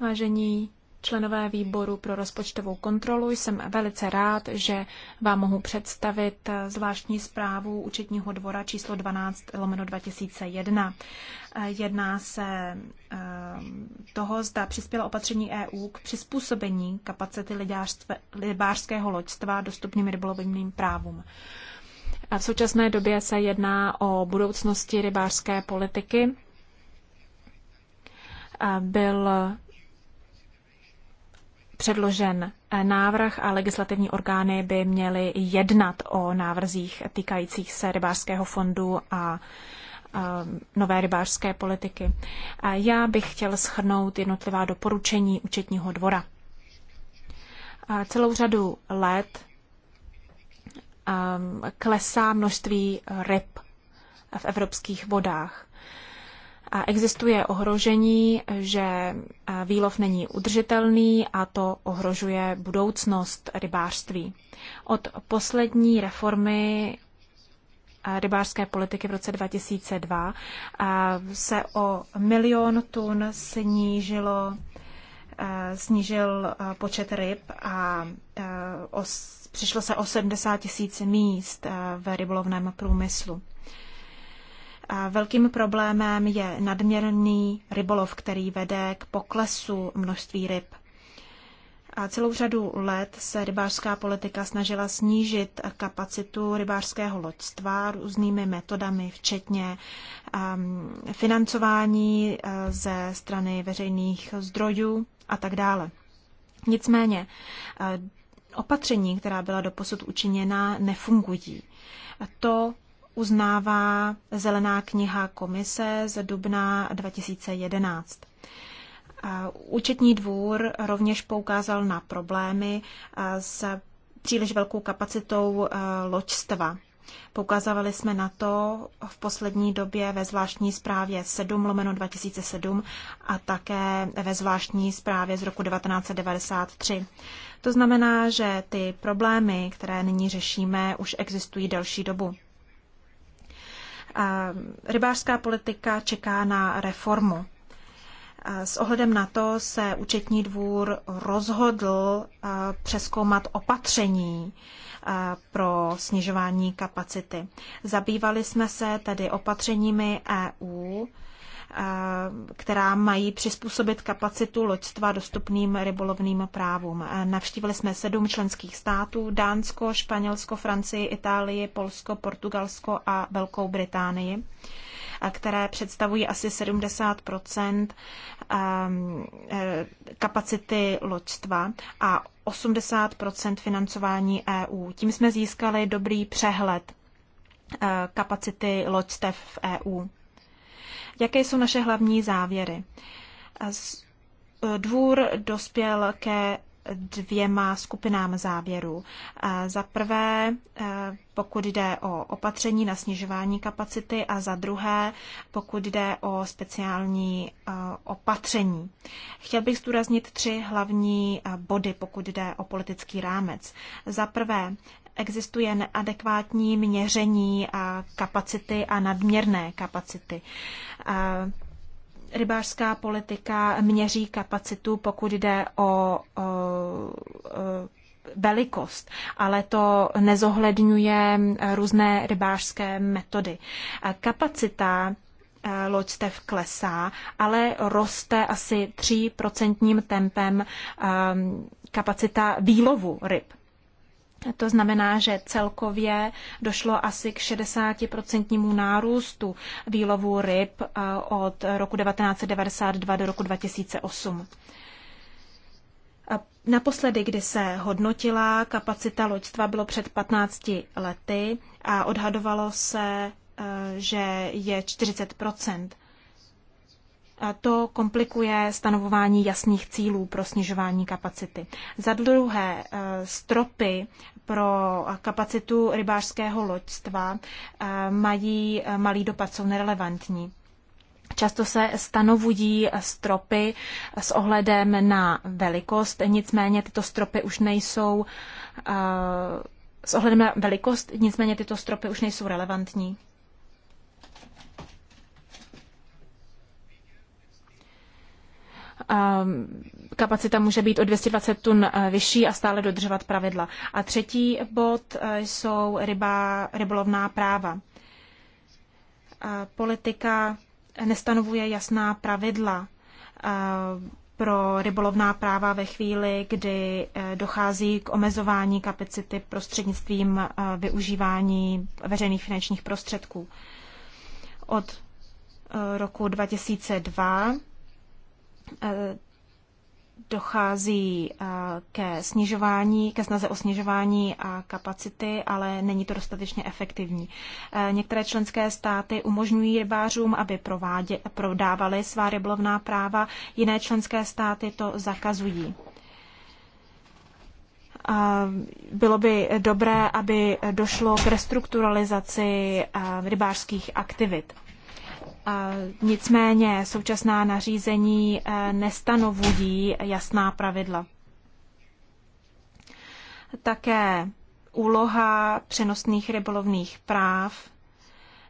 S3: Vážení členové výboru pro rozpočtovou kontrolu, jsem velice rád, že vám mohu představit eh, zvláštní zprávu účetního dvora číslo 12 lomeno 2001. Eh, jedná se eh, toho, zda přispěla opatření EU k přizpůsobení kapacity rybářského loďstva dostupným rybolovným právům. A v současné době se jedná o budoucnosti rybářské politiky. Byl předložen eh, návrh a legislativní orgány by měly jednat o návrzích týkajících se rybářského fondu a eh, nové rybářské politiky. Eh, já bych chtěl schrnout jednotlivá doporučení účetního dvora. Celou řadu let klesá množství ryb v evropských vodách existuje ohrožení, že výlov není udržitelný a to ohrožuje budoucnost rybářství. Od poslední reformy rybářské politiky v roce 2002 se o milion tun snížilo, snížil počet ryb a přišlo se o 70 tisíc míst v rybolovném průmyslu. Velkým problémem je nadměrný rybolov, který vede k poklesu množství ryb. A celou řadu let se rybářská politika snažila snížit kapacitu rybářského loďstva různými metodami, včetně um, financování eh, ze strany veřejných zdrojů a tak dále. Nicméně eh, opatření, která byla doposud učiněna, nefungují. A to uznává Zelená kniha komise z dubna 2011. Účetní dvůr rovněž poukázal na problémy s příliš velkou kapacitou e, loďstva. Poukazovali jsme na to v poslední době ve zvláštní zprávě 7 lomeno 2007 a také ve zvláštní zprávě z roku 1993. To znamená, že ty problémy, které nyní řešíme, už existují delší dobu. Rybářská politika čeká na reformu. S ohledem na to se účetní dvůr rozhodl přeskoumat opatření pro snižování kapacity. Zabývali jsme se tedy opatřeními EU která mají přizpůsobit kapacitu loďstva dostupným rybolovným právům. Navštívili jsme sedm členských států, Dánsko, Španělsko, Francii, Itálii, Polsko, Portugalsko a Velkou Británii které představují asi 70 e, kapacity loďstva a 80 financování EU. Tím jsme získali dobrý přehled e, kapacity loďstev v EU. Jaké jsou naše hlavní závěry? E, dvůr dospěl ke dvěma skupinám závěrů. Za prvé, e, pokud jde o opatření na snižování kapacity a za druhé, pokud jde o speciální e, opatření. Chtěl bych zdůraznit tři hlavní body, pokud jde o politický rámec. Za prvé, existuje neadekvátní měření a kapacity a nadměrné kapacity. Rybářská politika měří kapacitu, pokud jde o, o, o velikost, ale to nezohledňuje různé rybářské metody. Kapacita eh, loďstev klesá, ale roste asi 3% tempem eh, kapacita výlovu ryb. To znamená, že celkově došlo asi k 60% nárůstu výlovu ryb eh, od roku 1992 do roku 2008. Eh, naposledy, kdy se hodnotila kapacita loďstva, bylo před 15 lety a odhadovalo se, eh, že je 40 to komplikuje stanovování jasných cílů pro snižování kapacity. Za druhé, eh, stropy pro kapacitu rybářského loďstva eh, mají eh, malý dopad, jsou nerelevantní. Často se stanovují stropy s ohledem na velikost, nicméně tyto stropy už nejsou s ohledem na velikost, nicméně tyto stropy už nejsou relevantní. kapacita může být o 220 tun eh, vyšší a stále dodržovat pravidla. A třetí bod eh, jsou ryba, rybolovná práva. Politika nestanovuje jasná pravidla eh, pro rybolovná práva ve chvíli, kdy dochází k omezování kapacity prostřednictvím využívání veřejných finančních prostředků. Od roku 2002 Eh, dochází eh, ke snižování, ke snaze o snižování a eh, kapacity, ale není to dostatečně efektivní. Některé členské státy umožňují rybářům, aby provádě, prodávali svá ryblovná práva, jiné členské státy to zakazují. Bylo by dobré, aby došlo k restrukturalizaci rybářských aktivit. Nicméně současná nařízení eh, nestanovují jasná pravidla. Také úloha přenosných rybolovných práv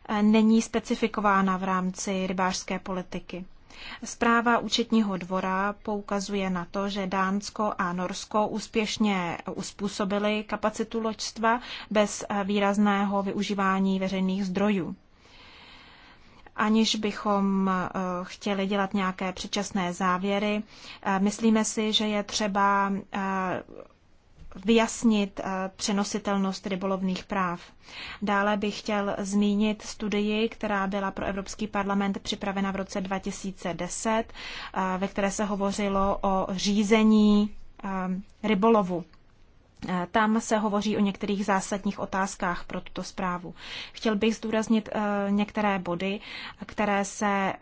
S3: eh, není specifikována v rámci rybářské politiky. Zpráva účetního dvora poukazuje na to, že Dánsko a Norsko úspěšně uspůsobili kapacitu loďstva bez eh, výrazného využívání veřejných zdrojů aniž bychom eh, chtěli dělat nějaké předčasné závěry. Eh, myslíme si, že je třeba eh, vyjasnit přenositelnost rybolovných práv. Dále bych chtěl zmínit studii, která byla pro Evropský parlament připravena v roce 2010, ve které se hovořilo o řízení rybolovu. Eh, tam se hovoří o některých zásadních otázkách pro tuto zprávu. Chtěl bych zdůraznit eh, některé body, které se eh,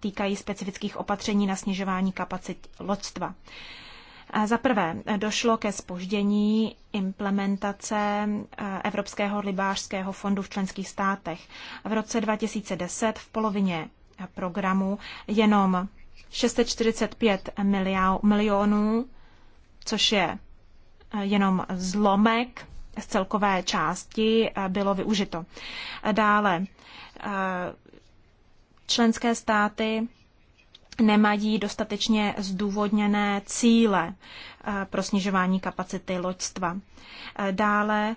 S3: týkají specifických opatření na snižování kapacit loďstva. Za prvé, došlo ke spoždění implementace Evropského rybářského fondu v členských státech. V roce 2010 v polovině programu jenom 645 milionů, což je jenom zlomek z celkové části eh, bylo využito. Dále eh, členské státy nemají dostatečně zdůvodněné cíle eh, pro snižování kapacity loďstva. Dále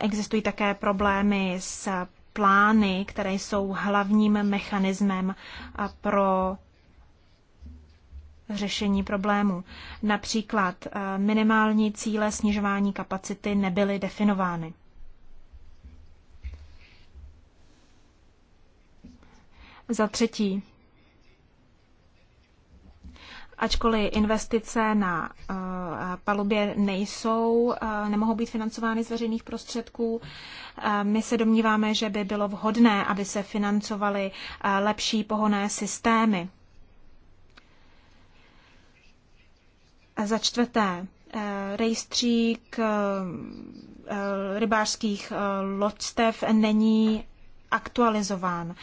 S3: existují také problémy s plány, které jsou hlavním mechanismem pro řešení problému. Například eh, minimální cíle snižování kapacity nebyly definovány. Za třetí, ačkoliv investice na eh, palubě nejsou, eh, nemohou být financovány z veřejných prostředků. My se domníváme, že by bylo vhodné, aby se financovaly lepší pohonné systémy Za čtvrté, eh, rejstřík eh, eh, rybářských loďstev není aktualizován.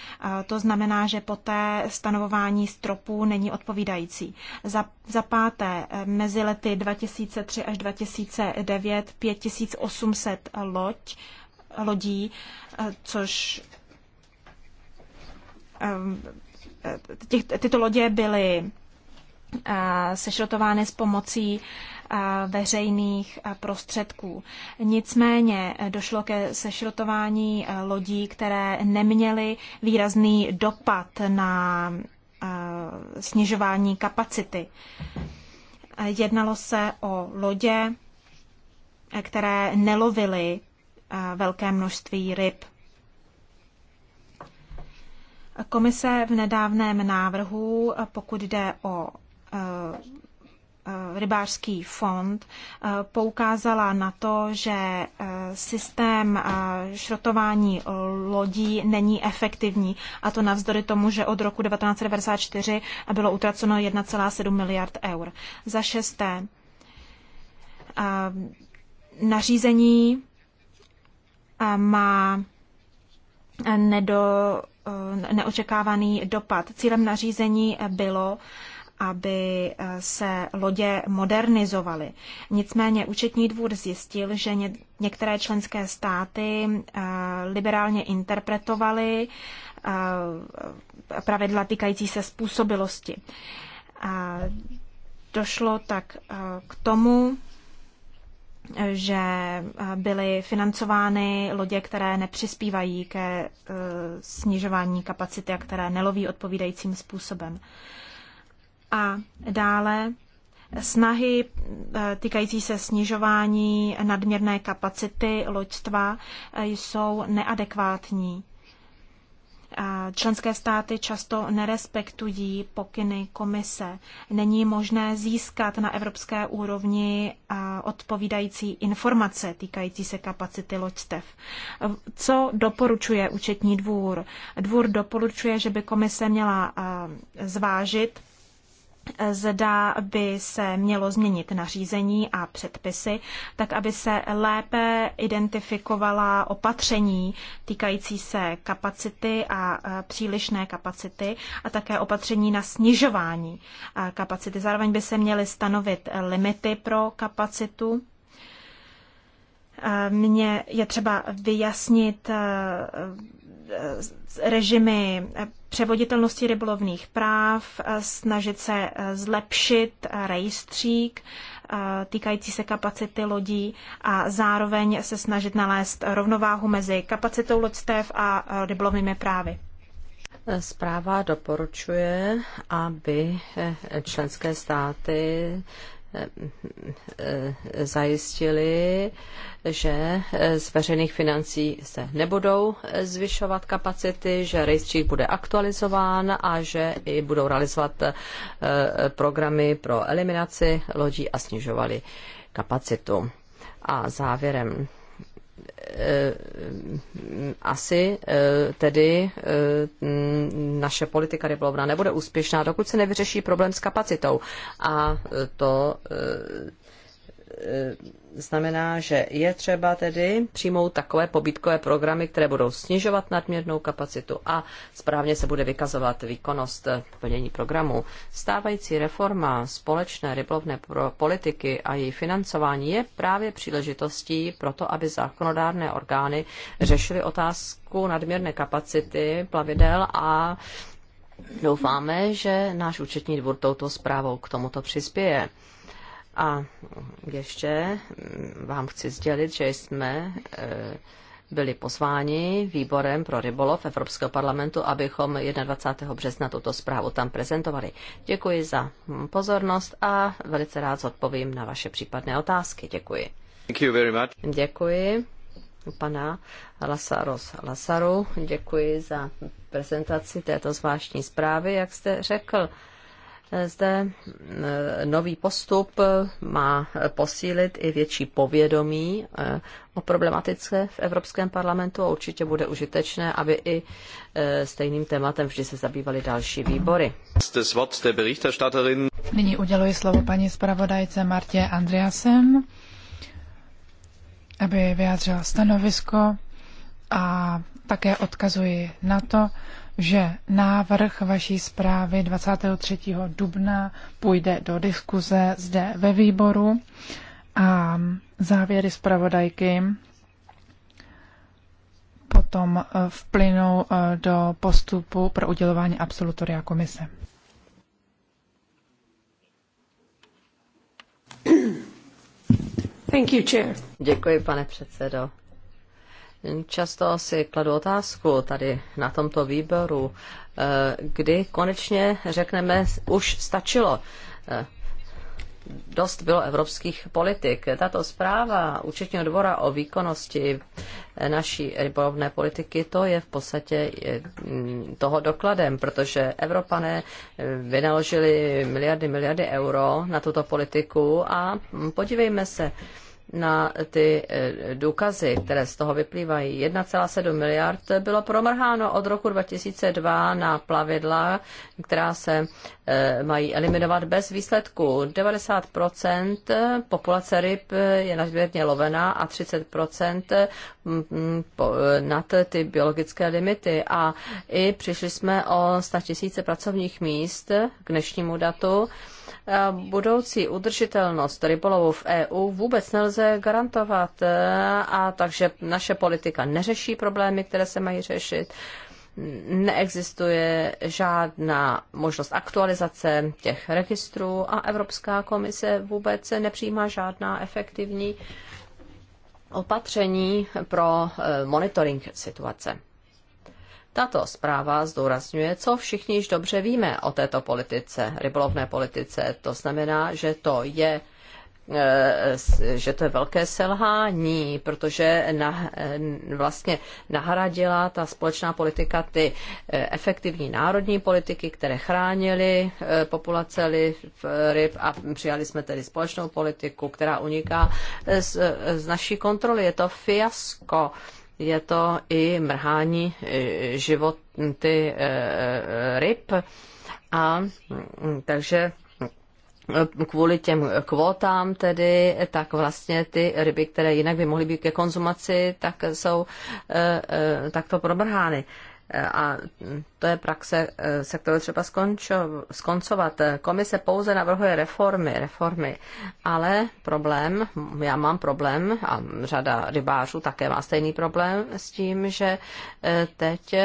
S3: To znamená, že poté stanovování stropů není odpovídající. Za, za páté, mezi lety 2003 až 2009 5800 loď, lodí, což těch, tyto lodě byly sešrotovány s pomocí veřejných prostředků. Nicméně e, došlo ke sešrotování e, lodí, které neměly výrazný dopad na e, snižování kapacity. Jednalo se o lodě, které nelovily velké množství ryb. Komise v nedávném návrhu, pokud jde o Eh, rybářský fond eh, poukázala na to, že eh, systém šrotování lodí není efektivní a to navzdory tomu, že od roku 1994 bylo utraceno 1,7 miliard eur. Za šesté, nařízení má nedo, neočekávaný dopad. Cílem nařízení bylo aby eh, se lodě modernizovaly. Nicméně účetní dvůr zjistil, že některé členské státy eh, liberálně interpretovaly eh, pravidla týkající se způsobilosti. Došlo tak k tomu, že byly financovány lodě, které nepřispívají ke snižování kapacity a které neloví odpovídajícím způsobem. A dále snahy eh, týkající se snižování nadměrné kapacity loďstva eh, jsou neadekvátní. Členské státy často nerespektují pokyny komise. Není možné získat na evropské úrovni eh, odpovídající informace týkající se kapacity loďstev. Co doporučuje účetní dvůr? Dvůr doporučuje, že by komise měla zvážit, zda by se mělo změnit nařízení a předpisy, tak aby se lépe identifikovala opatření týkající se kapacity a e, přílišné kapacity a také opatření na snižování e, kapacity. Zároveň by se měly stanovit limity pro kapacitu. E, mně je třeba vyjasnit režimy převoditelnosti rybolovných práv, snažit se zlepšit rejstřík eh, týkající se kapacity lodí a zároveň se snažit nalézt rovnováhu mezi kapacitou loďstev a rybolovnými právy.
S1: Zpráva doporučuje, aby členské státy zajistili, že z veřejných financí se nebudou zvyšovat kapacity, že rejstřík bude aktualizován a že i budou realizovat eh, programy pro eliminaci lodí a snižovali kapacitu. A závěrem Eh, asi eh, tedy eh, naše politika rybolovná nebude úspěšná, dokud se nevyřeší problém s kapacitou. A to znamená, že je třeba tedy přijmout takové pobytkové programy, které budou snižovat nadměrnou kapacitu a správně se bude vykazovat výkonnost plnění programu. Stávající reforma společné rybolovné politiky a její financování je právě příležitostí pro to, aby zákonodárné orgány řešily otázku nadměrné kapacity plavidel a Doufáme, že náš účetní dvůr touto zprávou k tomuto přispěje. A ještě vám chci sdělit, že jsme eh, byli pozváni výborem pro rybolov Evropského parlamentu, abychom 21. března tuto zprávu tam prezentovali. Děkuji za pozornost a velice rád zodpovím na vaše případné otázky. Děkuji. Thank you very much. Děkuji pana Lasaros Lasaru. Děkuji za prezentaci této zvláštní zprávy, jak jste řekl. Zde eh, nový postup eh, má posílit i větší povědomí eh, o problematice v Evropském parlamentu a určitě bude užitečné, aby i stejným tématem vždy se zabývaly další výbory.
S2: Nyní uděluji slovo paní zpravodajce Martě Andreasem, aby vyjádřila stanovisko a také odkazuji na to, že návrh vaší zprávy 23. dubna půjde do diskuze zde ve výboru a závěry zpravodajky potom eh, vplynou eh, do postupu pro udělování absolutoria komise.
S1: Thank you, chair. Děkuji, pane předsedo. Často si kladu otázku tady na tomto výboru, eh, kdy konečně řekneme, už stačilo. Eh, dost bylo evropských politik. Tato zpráva účetního dvora o výkonnosti eh, naší rybolovné politiky, to je v podstatě toho dokladem, protože Evropané vynaložili miliardy, miliardy euro na tuto politiku a podívejme se, na ty eh, důkazy, které z toho vyplývají. 1,7 miliard bylo promrháno od roku 2002 na plavidla, která se eh, mají eliminovat bez výsledku. 90% populace ryb je nadměrně lovená a 30% mm, mm, eh, nad ty biologické limity. A i přišli jsme o 100 000 pracovních míst k dnešnímu datu budoucí udržitelnost rybolovu v EU vůbec nelze garantovat e, a takže naše politika neřeší problémy, které se mají řešit neexistuje žádná možnost aktualizace těch registrů a Evropská komise vůbec nepřijímá žádná efektivní opatření pro e, monitoring situace. Tato zpráva zdůrazňuje, co všichni již dobře víme o této politice, rybolovné politice. To znamená, že to je e, že to je velké selhání, protože na, e, vlastně nahradila ta společná politika ty e, efektivní národní politiky, které chránily populace ryb a přijali jsme tedy společnou politiku, která uniká z, z naší kontroly. Je to fiasko je to i mrhání e, životy e, e, ryb. A mm, takže kvůli těm kvótám tedy, tak vlastně ty ryby, které jinak by mohly být ke konzumaci, tak jsou takto probrhány a to je praxe, se kterou třeba skončo, skoncovat. Komise pouze navrhuje reformy, reformy, ale problém, já mám problém a řada rybářů také má stejný problém s tím, že eh, teď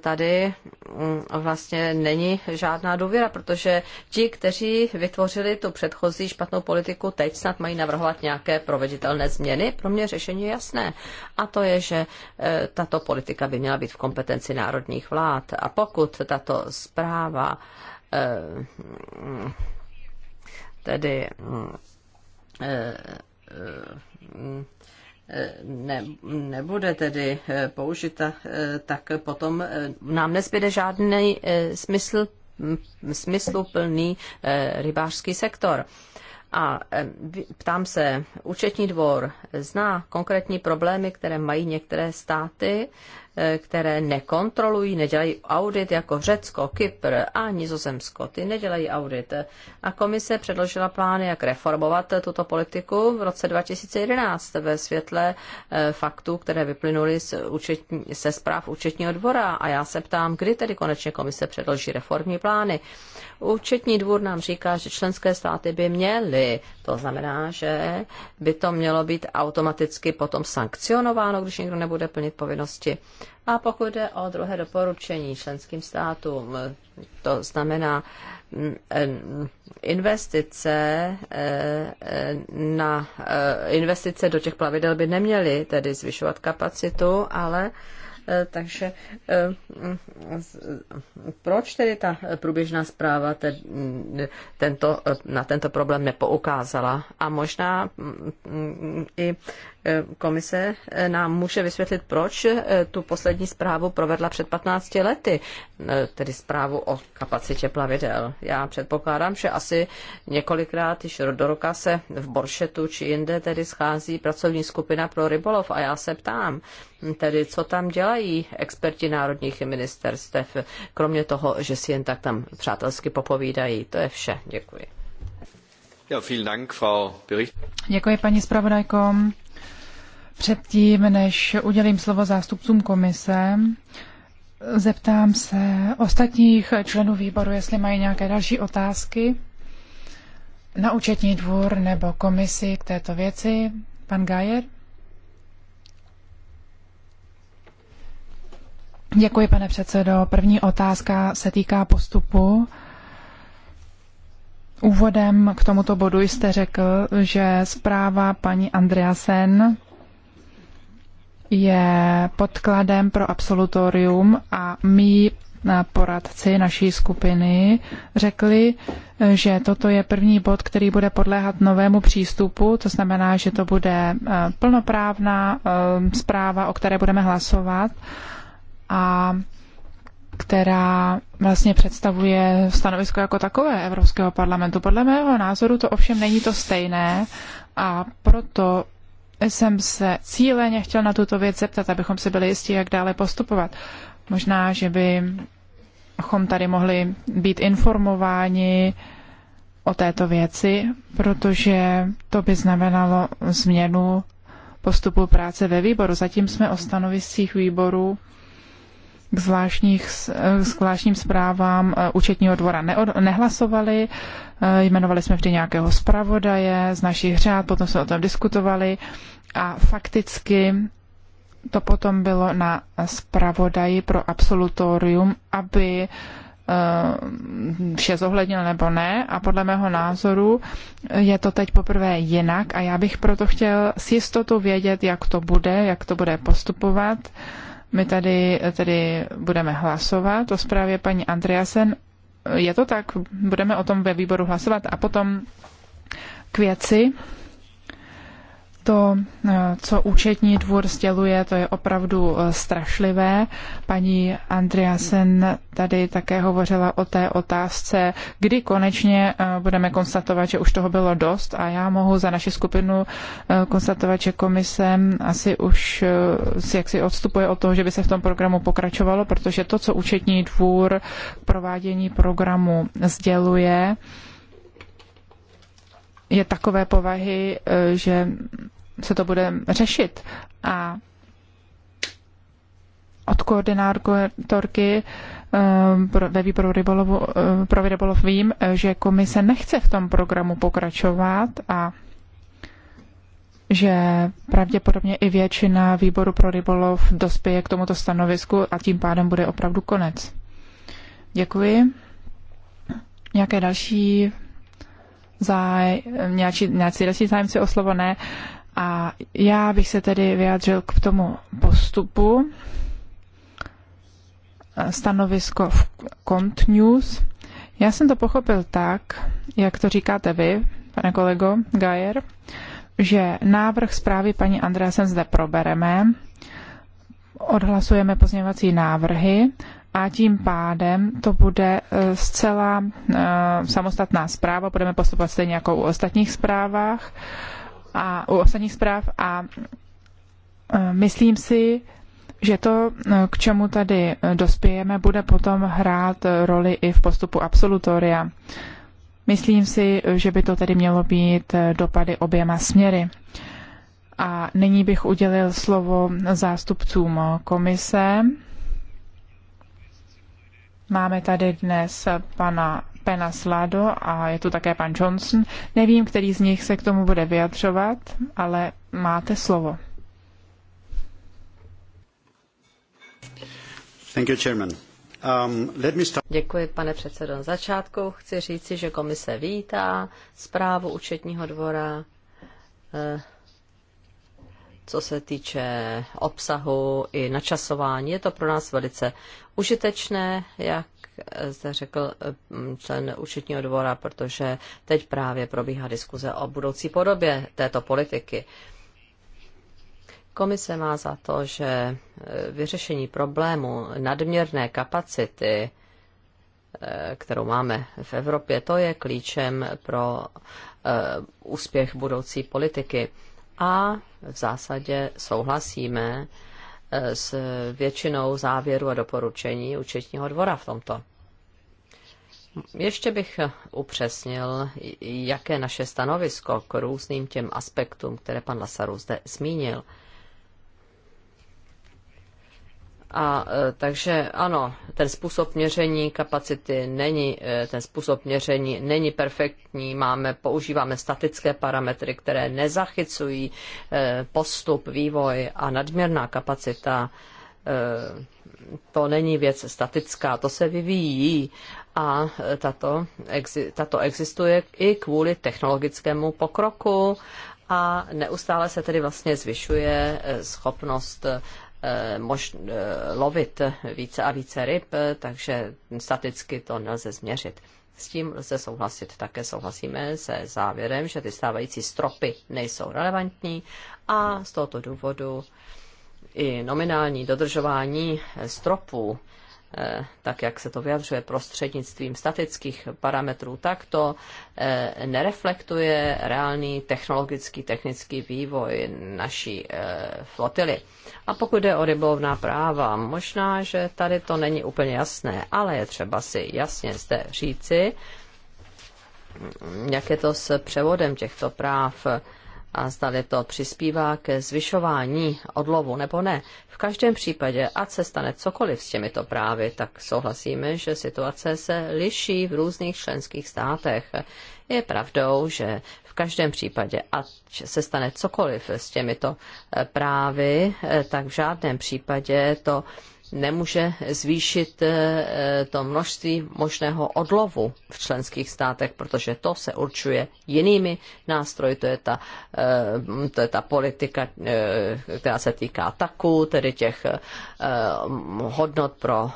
S1: tady mm, vlastně není žádná důvěra, protože ti, kteří vytvořili tu předchozí špatnou politiku, teď snad mají navrhovat nějaké proveditelné změny. Pro mě řešení je jasné. A to je, že eh, tato politika by měla být v kompetenci národních vlád. A pokud tato zpráva eh, mm, tedy mm, eh, ne, nebude tedy eh, použita, eh, tak potom eh, nám nezbyde žádný smysl, smysluplný rybářský sektor. A ptám se, účetní dvor zná konkrétní problémy, které mají některé státy které nekontrolují, nedělají audit jako Řecko, Kypr a Nizozemsko. Ty nedělají audit. A komise předložila plány, jak reformovat tuto politiku v roce 2011 ve světle eh, faktů, které vyplynuly se, účetní, se zpráv účetního dvora. A já se ptám, kdy tedy konečně komise předloží reformní plány. Účetní dvůr nám říká, že členské státy by měly. To znamená, že by to mělo být automaticky potom sankcionováno, když někdo nebude plnit povinnosti. A pokud jde o druhé doporučení členským státům, to znamená mm, investice eh, na eh, investice do těch plavidel by neměly tedy zvyšovat kapacitu, ale eh, takže proč tedy ta průběžná zpráva te, mm, tento, na tento problém nepoukázala? A možná mm, i Eh, komise eh, nám může vysvětlit, proč eh, tu poslední zprávu provedla před 15 lety, tedy zprávu o kapacitě plavidel. Já předpokládám, že asi několikrát již do roka se v Boršetu či jinde tedy schází pracovní skupina pro rybolov a já se ptám, hm, tedy co tam dělají experti národních ministerstev, kromě toho, že si jen tak
S2: tam přátelsky popovídají. To je vše. Děkuji. Děkuji, paní zpravodajko. Předtím, než udělím slovo zástupcům komise, zeptám se ostatních členů výboru, jestli mají nějaké další otázky na účetní dvůr nebo komisi k této věci. Pan Gajer? Děkuji, pane předsedo. První otázka se týká postupu. Úvodem k tomuto bodu jste řekl, že zpráva paní Andreasen je podkladem pro absolutorium a my eh, poradci naší skupiny řekli, eh, že toto je první bod, který bude podléhat novému přístupu, to znamená, že to bude eh, plnoprávná zpráva, o které budeme hlasovat a která vlastně představuje stanovisko jako takové Evropského parlamentu. Podle mého názoru to ovšem není to stejné a proto jsem se cíleně chtěl na tuto věc zeptat, abychom si byli jistí, jak dále postupovat. Možná, že bychom tady mohli být informováni o této věci, protože to by znamenalo změnu postupu práce ve výboru. Zatím jsme o stanoviscích výboru k, zvláštních, eh, k zvláštním zprávám eh, účetního dvora nehlasovali. Eh, jmenovali jsme vždy nějakého zpravodaje z našich řád, potom jsme o tom diskutovali a fakticky to potom bylo na zpravodaji pro absolutorium, aby vše zohlednil nebo ne a podle mého názoru je to teď poprvé jinak a já bych proto chtěl s jistotou vědět, jak to bude, jak to bude postupovat my tady tedy budeme hlasovat o zprávě paní Andreasen. Je to tak? Budeme o tom ve výboru hlasovat a potom k věci to, eh, co účetní dvůr sděluje, to je opravdu eh, strašlivé. Paní Andreasen tady také hovořila o té otázce, kdy konečně eh, budeme konstatovat, že už toho bylo dost a já mohu za naši skupinu konstatovat, že komise asi už jaksi odstupuje od toho, že by se v tom programu pokračovalo, protože to, co účetní dvůr k provádění programu sděluje, je takové povahy, že se to bude řešit. A od koordinátorky ehm, ve výboru rybolovu, ehm, pro rybolov vím, eh, že komise nechce v tom programu pokračovat a že pravděpodobně i většina výboru pro rybolov dospěje k tomuto stanovisku a tím pádem bude opravdu konec. Děkuji. Nějaké další záj, nějaký, nějaký další zájemci o slovo ne. A já bych se tedy vyjádřil k tomu postupu. Stanovisko v Cont News. Já jsem to pochopil tak, jak to říkáte vy, pane kolego Gajer, že návrh zprávy paní Andreasen zde probereme, odhlasujeme pozměňovací návrhy a tím pádem to bude eh, zcela eh, samostatná zpráva, budeme postupovat stejně jako u ostatních zprávách a u ostatních zpráv a e, myslím si, že to, e, k čemu tady e, dospějeme, bude potom hrát roli i v postupu absolutoria. Myslím si, že by to tedy mělo být dopady oběma směry. A nyní bych udělil slovo zástupcům komise. Máme tady dnes pana Penaslado a je tu také pan Johnson. Nevím, který z nich se k tomu bude vyjadřovat, ale máte slovo.
S1: Thank you, chairman. Um, let me start... Děkuji, pane předsedo. Na začátku chci říci, že komise vítá zprávu účetního dvora, eh, co se týče obsahu i načasování. Je to pro nás velice užitečné, jak jste řekl mm, člen účetního dvora, protože teď právě probíhá diskuze o budoucí podobě této politiky. Komise má za to, že eh, vyřešení problému nadměrné kapacity, eh, kterou máme v Evropě, to je klíčem pro eh, úspěch budoucí politiky. A v zásadě souhlasíme s většinou závěru a doporučení účetního dvora v tomto. Ještě bych upřesnil, jaké naše stanovisko k různým těm aspektům, které pan Lasaru zde zmínil. A e, takže ano, ten způsob měření kapacity není, e, ten způsob měření není perfektní. Máme, používáme statické parametry, které nezachycují e, postup, vývoj a nadměrná kapacita to není věc statická, to se vyvíjí a tato, tato existuje i kvůli technologickému pokroku a neustále se tedy vlastně zvyšuje schopnost Eh, mož, eh, lovit více a více ryb, eh, takže staticky to nelze změřit. S tím lze souhlasit. Také souhlasíme se závěrem, že ty stávající stropy nejsou relevantní a z tohoto důvodu i nominální dodržování stropů Eh, tak jak se to vyjadřuje prostřednictvím statických parametrů, tak to eh, nereflektuje reálný technologický, technický vývoj naší eh, flotily. A pokud jde o rybovná práva, možná, že tady to není úplně jasné, ale je třeba si jasně zde říci, jak je to s převodem těchto práv a zdali to přispívá ke zvyšování odlovu nebo ne. V každém případě, ať se stane cokoliv s těmito právy, tak souhlasíme, že situace se liší v různých členských státech. Je pravdou, že v každém případě, ať se stane cokoliv s těmito eh, právy, eh, tak v žádném případě to nemůže zvýšit eh, to množství možného odlovu v členských státech, protože to se určuje jinými nástroji. To je ta, eh, to je ta politika, eh, která se týká taků, tedy těch hodnot pro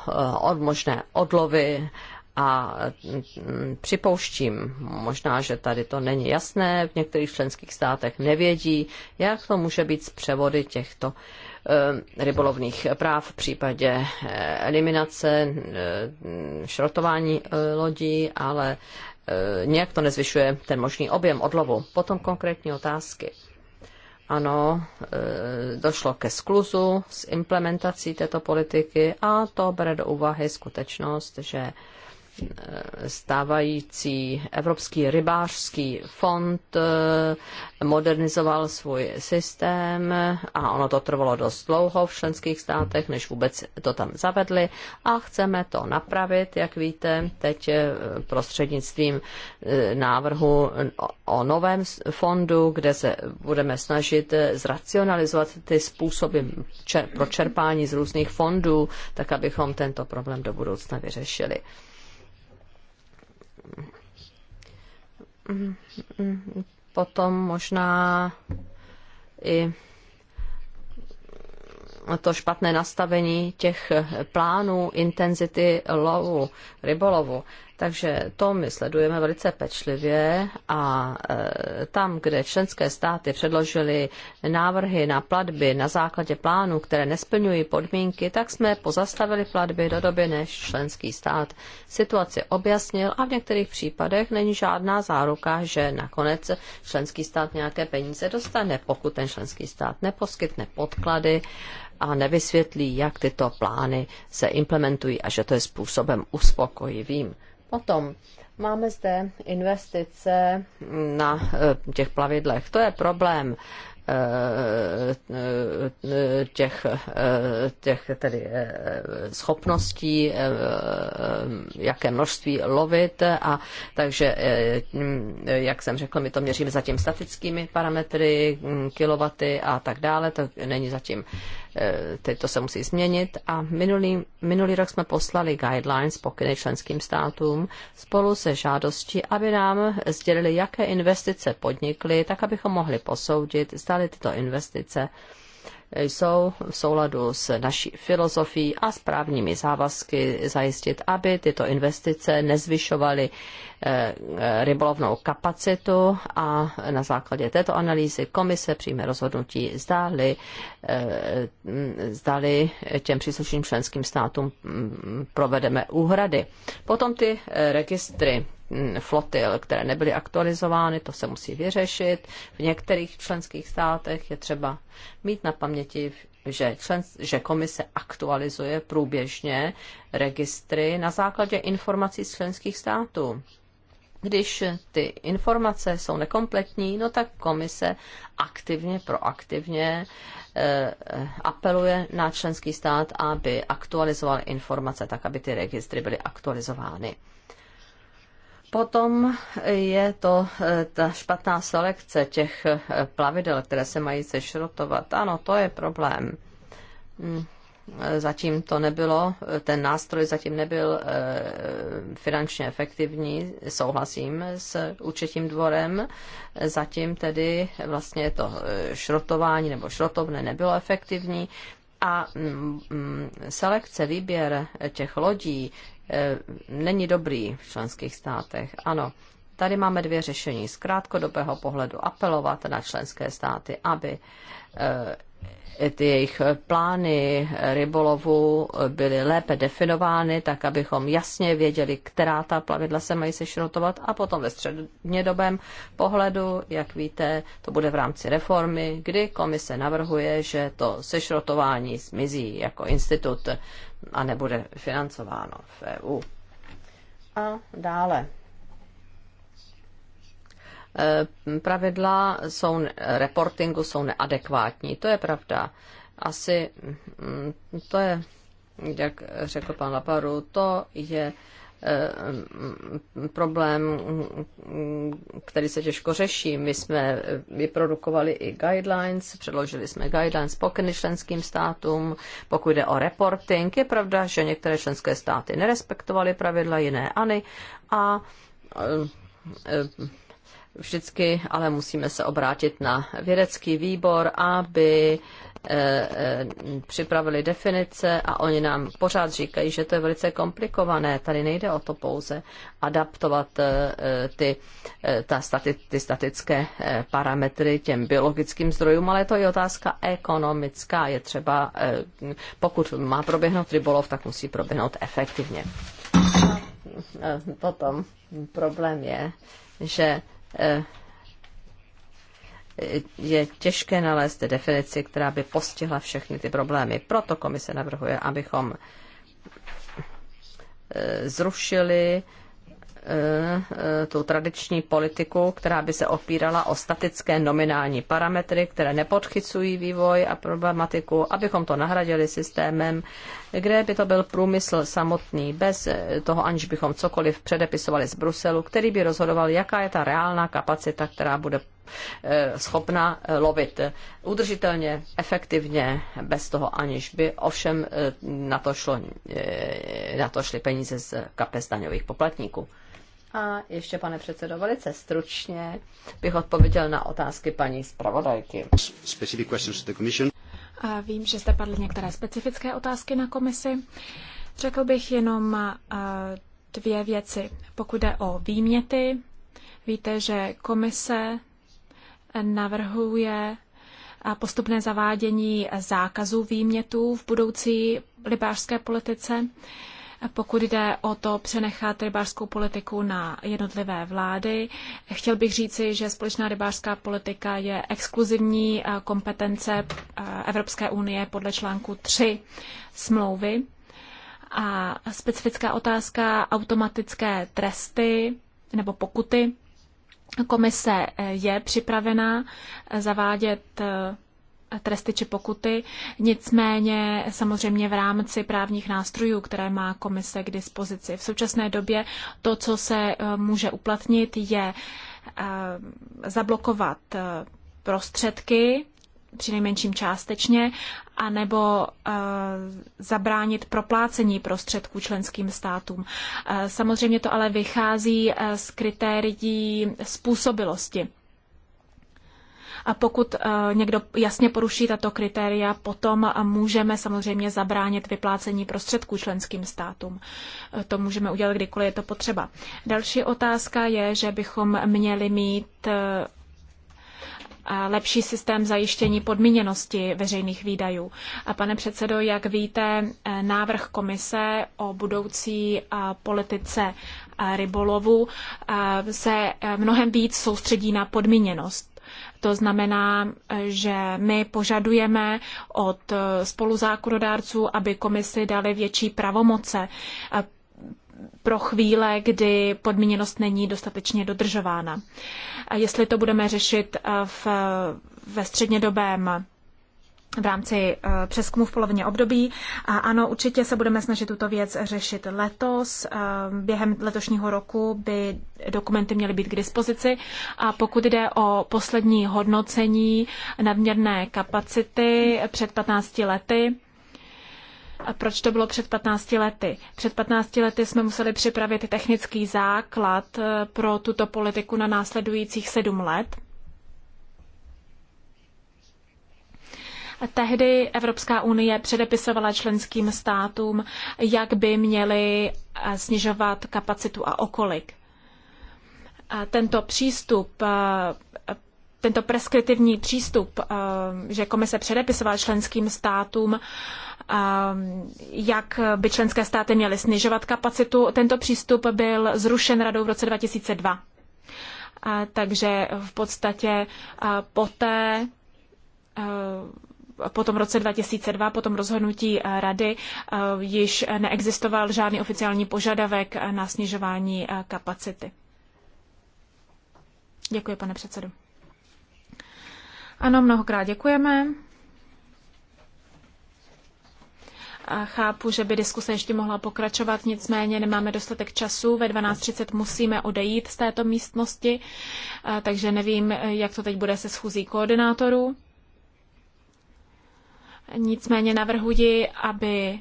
S1: možné odlovy a mm, připouštím, možná, že tady to není jasné, v některých členských státech nevědí, jak to může být s převody těchto uh, Eh, rybolovných práv v případě eh, eliminace, eh, šrotování lodí, ale nějak to nezvyšuje ten možný objem odlovu. Potom konkrétní otázky. Ano, došlo ke skluzu s implementací této politiky a to bere do úvahy skutečnost, že stávající Evropský rybářský fond eh, modernizoval svůj systém a ono to trvalo dost dlouho v členských státech, než vůbec to tam zavedli a chceme to napravit, jak víte, teď eh, prostřednictvím eh, návrhu o novém fondu, kde se budeme snažit zracionalizovat ty způsoby pro čerpání z různých fondů, tak abychom tento problém do budoucna vyřešili potom možná i to špatné nastavení těch plánů intenzity lovu, rybolovu. Takže to my sledujeme velice pečlivě a e, tam, kde členské státy předložili návrhy na platby na základě plánů, které nesplňují podmínky, tak jsme pozastavili platby do doby, než členský stát situaci objasnil a v některých případech není žádná záruka, že nakonec členský stát nějaké peníze dostane, pokud ten členský stát neposkytne podklady a nevysvětlí, jak tyto plány se implementují a že to je způsobem uspokojivým. Potom máme zde investice na eh, těch plavidlech. To je problém eh, eh, těch, těch tedy schopností, jaké množství lovit a takže, jak jsem řekl, my to měříme zatím statickými parametry, mm, kilowaty a tak dále, to není zatím Eh, teď to se musí změnit a minulý, minulý rok jsme poslali guidelines pokyny členským státům spolu se žádostí, aby nám sdělili, jaké investice podnikly, tak abychom mohli posoudit, zdali tyto investice jsou v souladu s naší filozofií a správními závazky zajistit, aby tyto investice nezvyšovaly eh, eh, rybolovnou kapacitu a na základě této analýzy komise přijme rozhodnutí, zdáli, eh, zdali těm příslušným členským státům mm, provedeme úhrady. Potom ty registry Mm, flotil, které nebyly aktualizovány, to se musí vyřešit. V některých členských státech je třeba mít na paměti, že, člen, že komise aktualizuje průběžně registry na základě informací z členských států. Když ty informace jsou nekompletní, no tak komise aktivně, proaktivně eh, eh, apeluje na členský stát, aby aktualizoval informace tak, aby ty registry byly aktualizovány. Potom je to eh, ta špatná selekce těch eh, plavidel, které se mají sešrotovat. Ano, to je problém. Hm, zatím to nebylo, eh, ten nástroj zatím nebyl finančně efektivní, souhlasím s účetním dvorem. Zatím tedy vlastně to šrotování nebo šrotovné nebylo efektivní a hm, hm, selekce, výběr těch lodí Eh, není dobrý v členských státech. Ano, tady máme dvě řešení. Z krátkodobého pohledu apelovat na členské státy, aby eh, ty jejich plány rybolovu byly lépe definovány, tak abychom jasně věděli, která ta plavidla se mají sešrotovat a potom ve střednědobém pohledu, jak víte, to bude v rámci reformy, kdy komise navrhuje, že to sešrotování zmizí jako institut a nebude financováno v EU. A dále. E, pravidla jsou, reportingu jsou neadekvátní, to je pravda. Asi mm, to je, jak řekl pan Laparu, to je Eh, problém, který se těžko řeší. My jsme vyprodukovali i guidelines, předložili jsme guidelines pokyny členským státům, pokud jde o reporting. Je pravda, že některé členské státy nerespektovaly pravidla, jiné ani. A Vždycky ale musíme se obrátit na vědecký výbor, aby eh, eh, připravili definice a oni nám pořád říkají, že to je velice komplikované. Tady nejde o to pouze adaptovat eh, ty, ta stati, ty statické parametry těm biologickým zdrojům, ale je to je otázka ekonomická. Je třeba, pokud má proběhnout rybolov, tak musí proběhnout efektivně. Potom problém je, že Eh, je těžké nalézt definici, která by postihla všechny ty problémy. Proto komise navrhuje, abychom eh, zrušili eh, tu tradiční politiku, která by se opírala o statické nominální parametry, které nepodchycují vývoj a problematiku, abychom to nahradili systémem kde by to byl průmysl samotný, bez toho, aniž bychom cokoliv předepisovali z Bruselu, který by rozhodoval, jaká je ta reálná kapacita, která bude eh, schopna eh, lovit udržitelně, efektivně, bez toho aniž by ovšem eh, na to, šlo, na to šly peníze z kapes daňových poplatníků. A ještě, pane předsedo, velice stručně bych odpověděl na otázky paní zpravodajky.
S3: A vím, že jste padly některé specifické otázky na komisi. Řekl bych jenom eh, dvě věci. Pokud jde o výměty, víte, že komise navrhuje eh, postupné zavádění zákazu výmětů v budoucí libářské politice. Pokud jde o to přenechat rybářskou politiku na jednotlivé vlády, chtěl bych říci, že společná rybářská politika je exkluzivní eh, kompetence eh, Evropské unie podle článku 3 smlouvy. A specifická otázka automatické tresty nebo pokuty. Komise eh, je připravena zavádět tresty či pokuty. Nicméně samozřejmě v rámci právních nástrojů, které má komise k dispozici. V současné době to, co se eh, může uplatnit, je eh, zablokovat eh, prostředky, přinejmenším částečně, anebo uh, zabránit proplácení prostředků členským státům. samozřejmě to ale vychází z kritérií způsobilosti. A pokud eh, někdo jasně poruší tato kritéria, potom eh, můžeme samozřejmě zabránit vyplácení prostředků členským státům. Eh, to můžeme udělat kdykoliv je to potřeba. Další otázka je, že bychom měli mít lepší systém zajištění podmíněnosti veřejných výdajů. A pane předsedo, jak víte, návrh komise o budoucí politice rybolovu se mnohem víc soustředí na podmíněnost. To znamená, že my požadujeme od spoluzákonodárců, aby komisi dali větší pravomoce eh, pro chvíle, kdy podmíněnost není dostatečně dodržována. A jestli to budeme řešit eh, v, ve střednědobém v rámci eh, přeskumu v polovině období. A ano, určitě se budeme snažit tuto věc řešit letos. Eh, Během letošního roku by dokumenty měly být k dispozici. A pokud jde o poslední hodnocení nadměrné kapacity před 15 lety, a proč to bylo před 15 lety? Před 15 lety jsme museli připravit technický základ eh, pro tuto politiku na následujících sedm let. Tehdy Evropská unie předepisovala členským státům, jak by měly eh, snižovat kapacitu a okolik. Tento přístup eh, tento preskriptivní přístup, eh, že komise předepisovala členským státům, jak by členské státy měly snižovat kapacitu, tento přístup byl zrušen radou v roce 2002. Takže v podstatě poté po tom roce 2002, po tom rozhodnutí eh, rady, eh, již neexistoval žádný oficiální požadavek na snižování eh, kapacity. Děkuji, pane předsedo. Ano, mnohokrát děkujeme. A chápu, že by diskuse ještě mohla pokračovat, nicméně nemáme dostatek času. Ve 12.30 musíme odejít z této místnosti, takže nevím, jak to teď bude se schůzí koordinátorů. Nicméně navrhuji, aby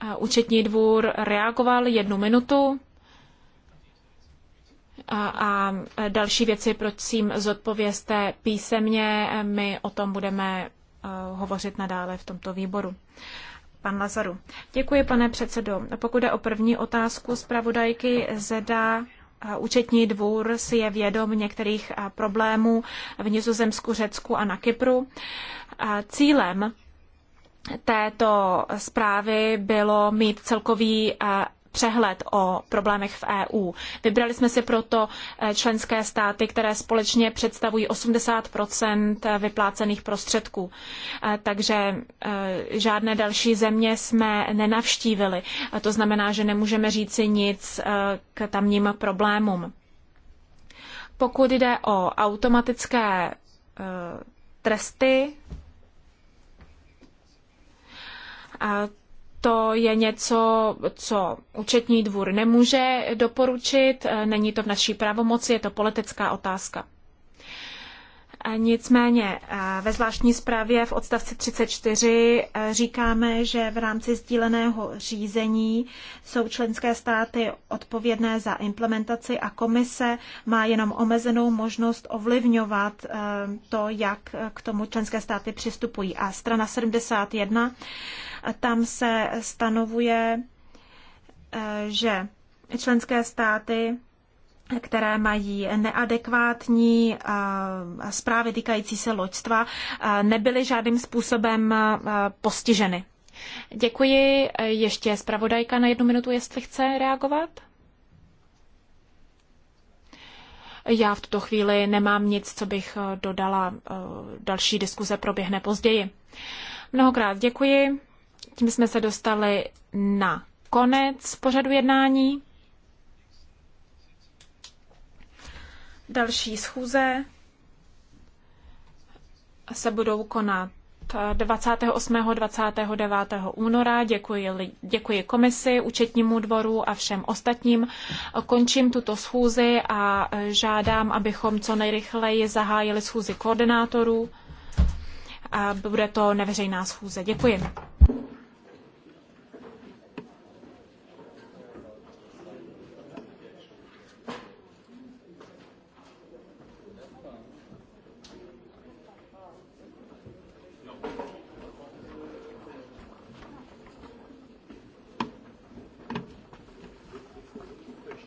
S3: eh, účetní dvůr reagoval jednu minutu a, a další věci prosím zodpovězte písemně. My o tom budeme eh, hovořit nadále v tomto výboru. Pan Lazaru. Děkuji, pane předsedo. Pokud jde o první otázku zpravodajky, zeda eh, Účetní dvůr si je vědom některých problémů v Nizozemsku, Řecku a na Kypru. Cílem této zprávy bylo mít celkový eh, přehled o problémech v EU. Vybrali jsme si proto eh, členské státy, které společně představují 80 eh, vyplácených prostředků. Takže žádné další země jsme nenavštívili. To znamená, že nemůžeme říci nic k tamním problémům. Pokud jde o automatické tresty to je něco, co účetní dvůr nemůže doporučit, e, není to v naší pravomoci, je to politická otázka. Nicméně e, ve zvláštní zprávě v odstavci 34 e, říkáme, že v rámci sdíleného řízení jsou členské státy odpovědné za implementaci a komise má jenom omezenou možnost ovlivňovat to, jak k tomu členské státy přistupují. A strana 71 tam se stanovuje, eh, že členské státy které mají neadekvátní eh, zprávy týkající se loďstva, eh, nebyly žádným způsobem postiženy. Děkuji. Ještě zpravodajka na jednu minutu, jestli chce reagovat. Já v tuto chvíli nemám nic, co bych dodala. Další diskuze proběhne později. Mnohokrát děkuji. Tím jsme se dostali na konec pořadu jednání. Další schůze se budou konat 28. 29. února. Děkuji, děkuji komisi, účetnímu dvoru a všem ostatním. Končím tuto schůzi a žádám, abychom co nejrychleji zahájili schůzi koordinátorů. Bude to neveřejná schůze. Děkuji.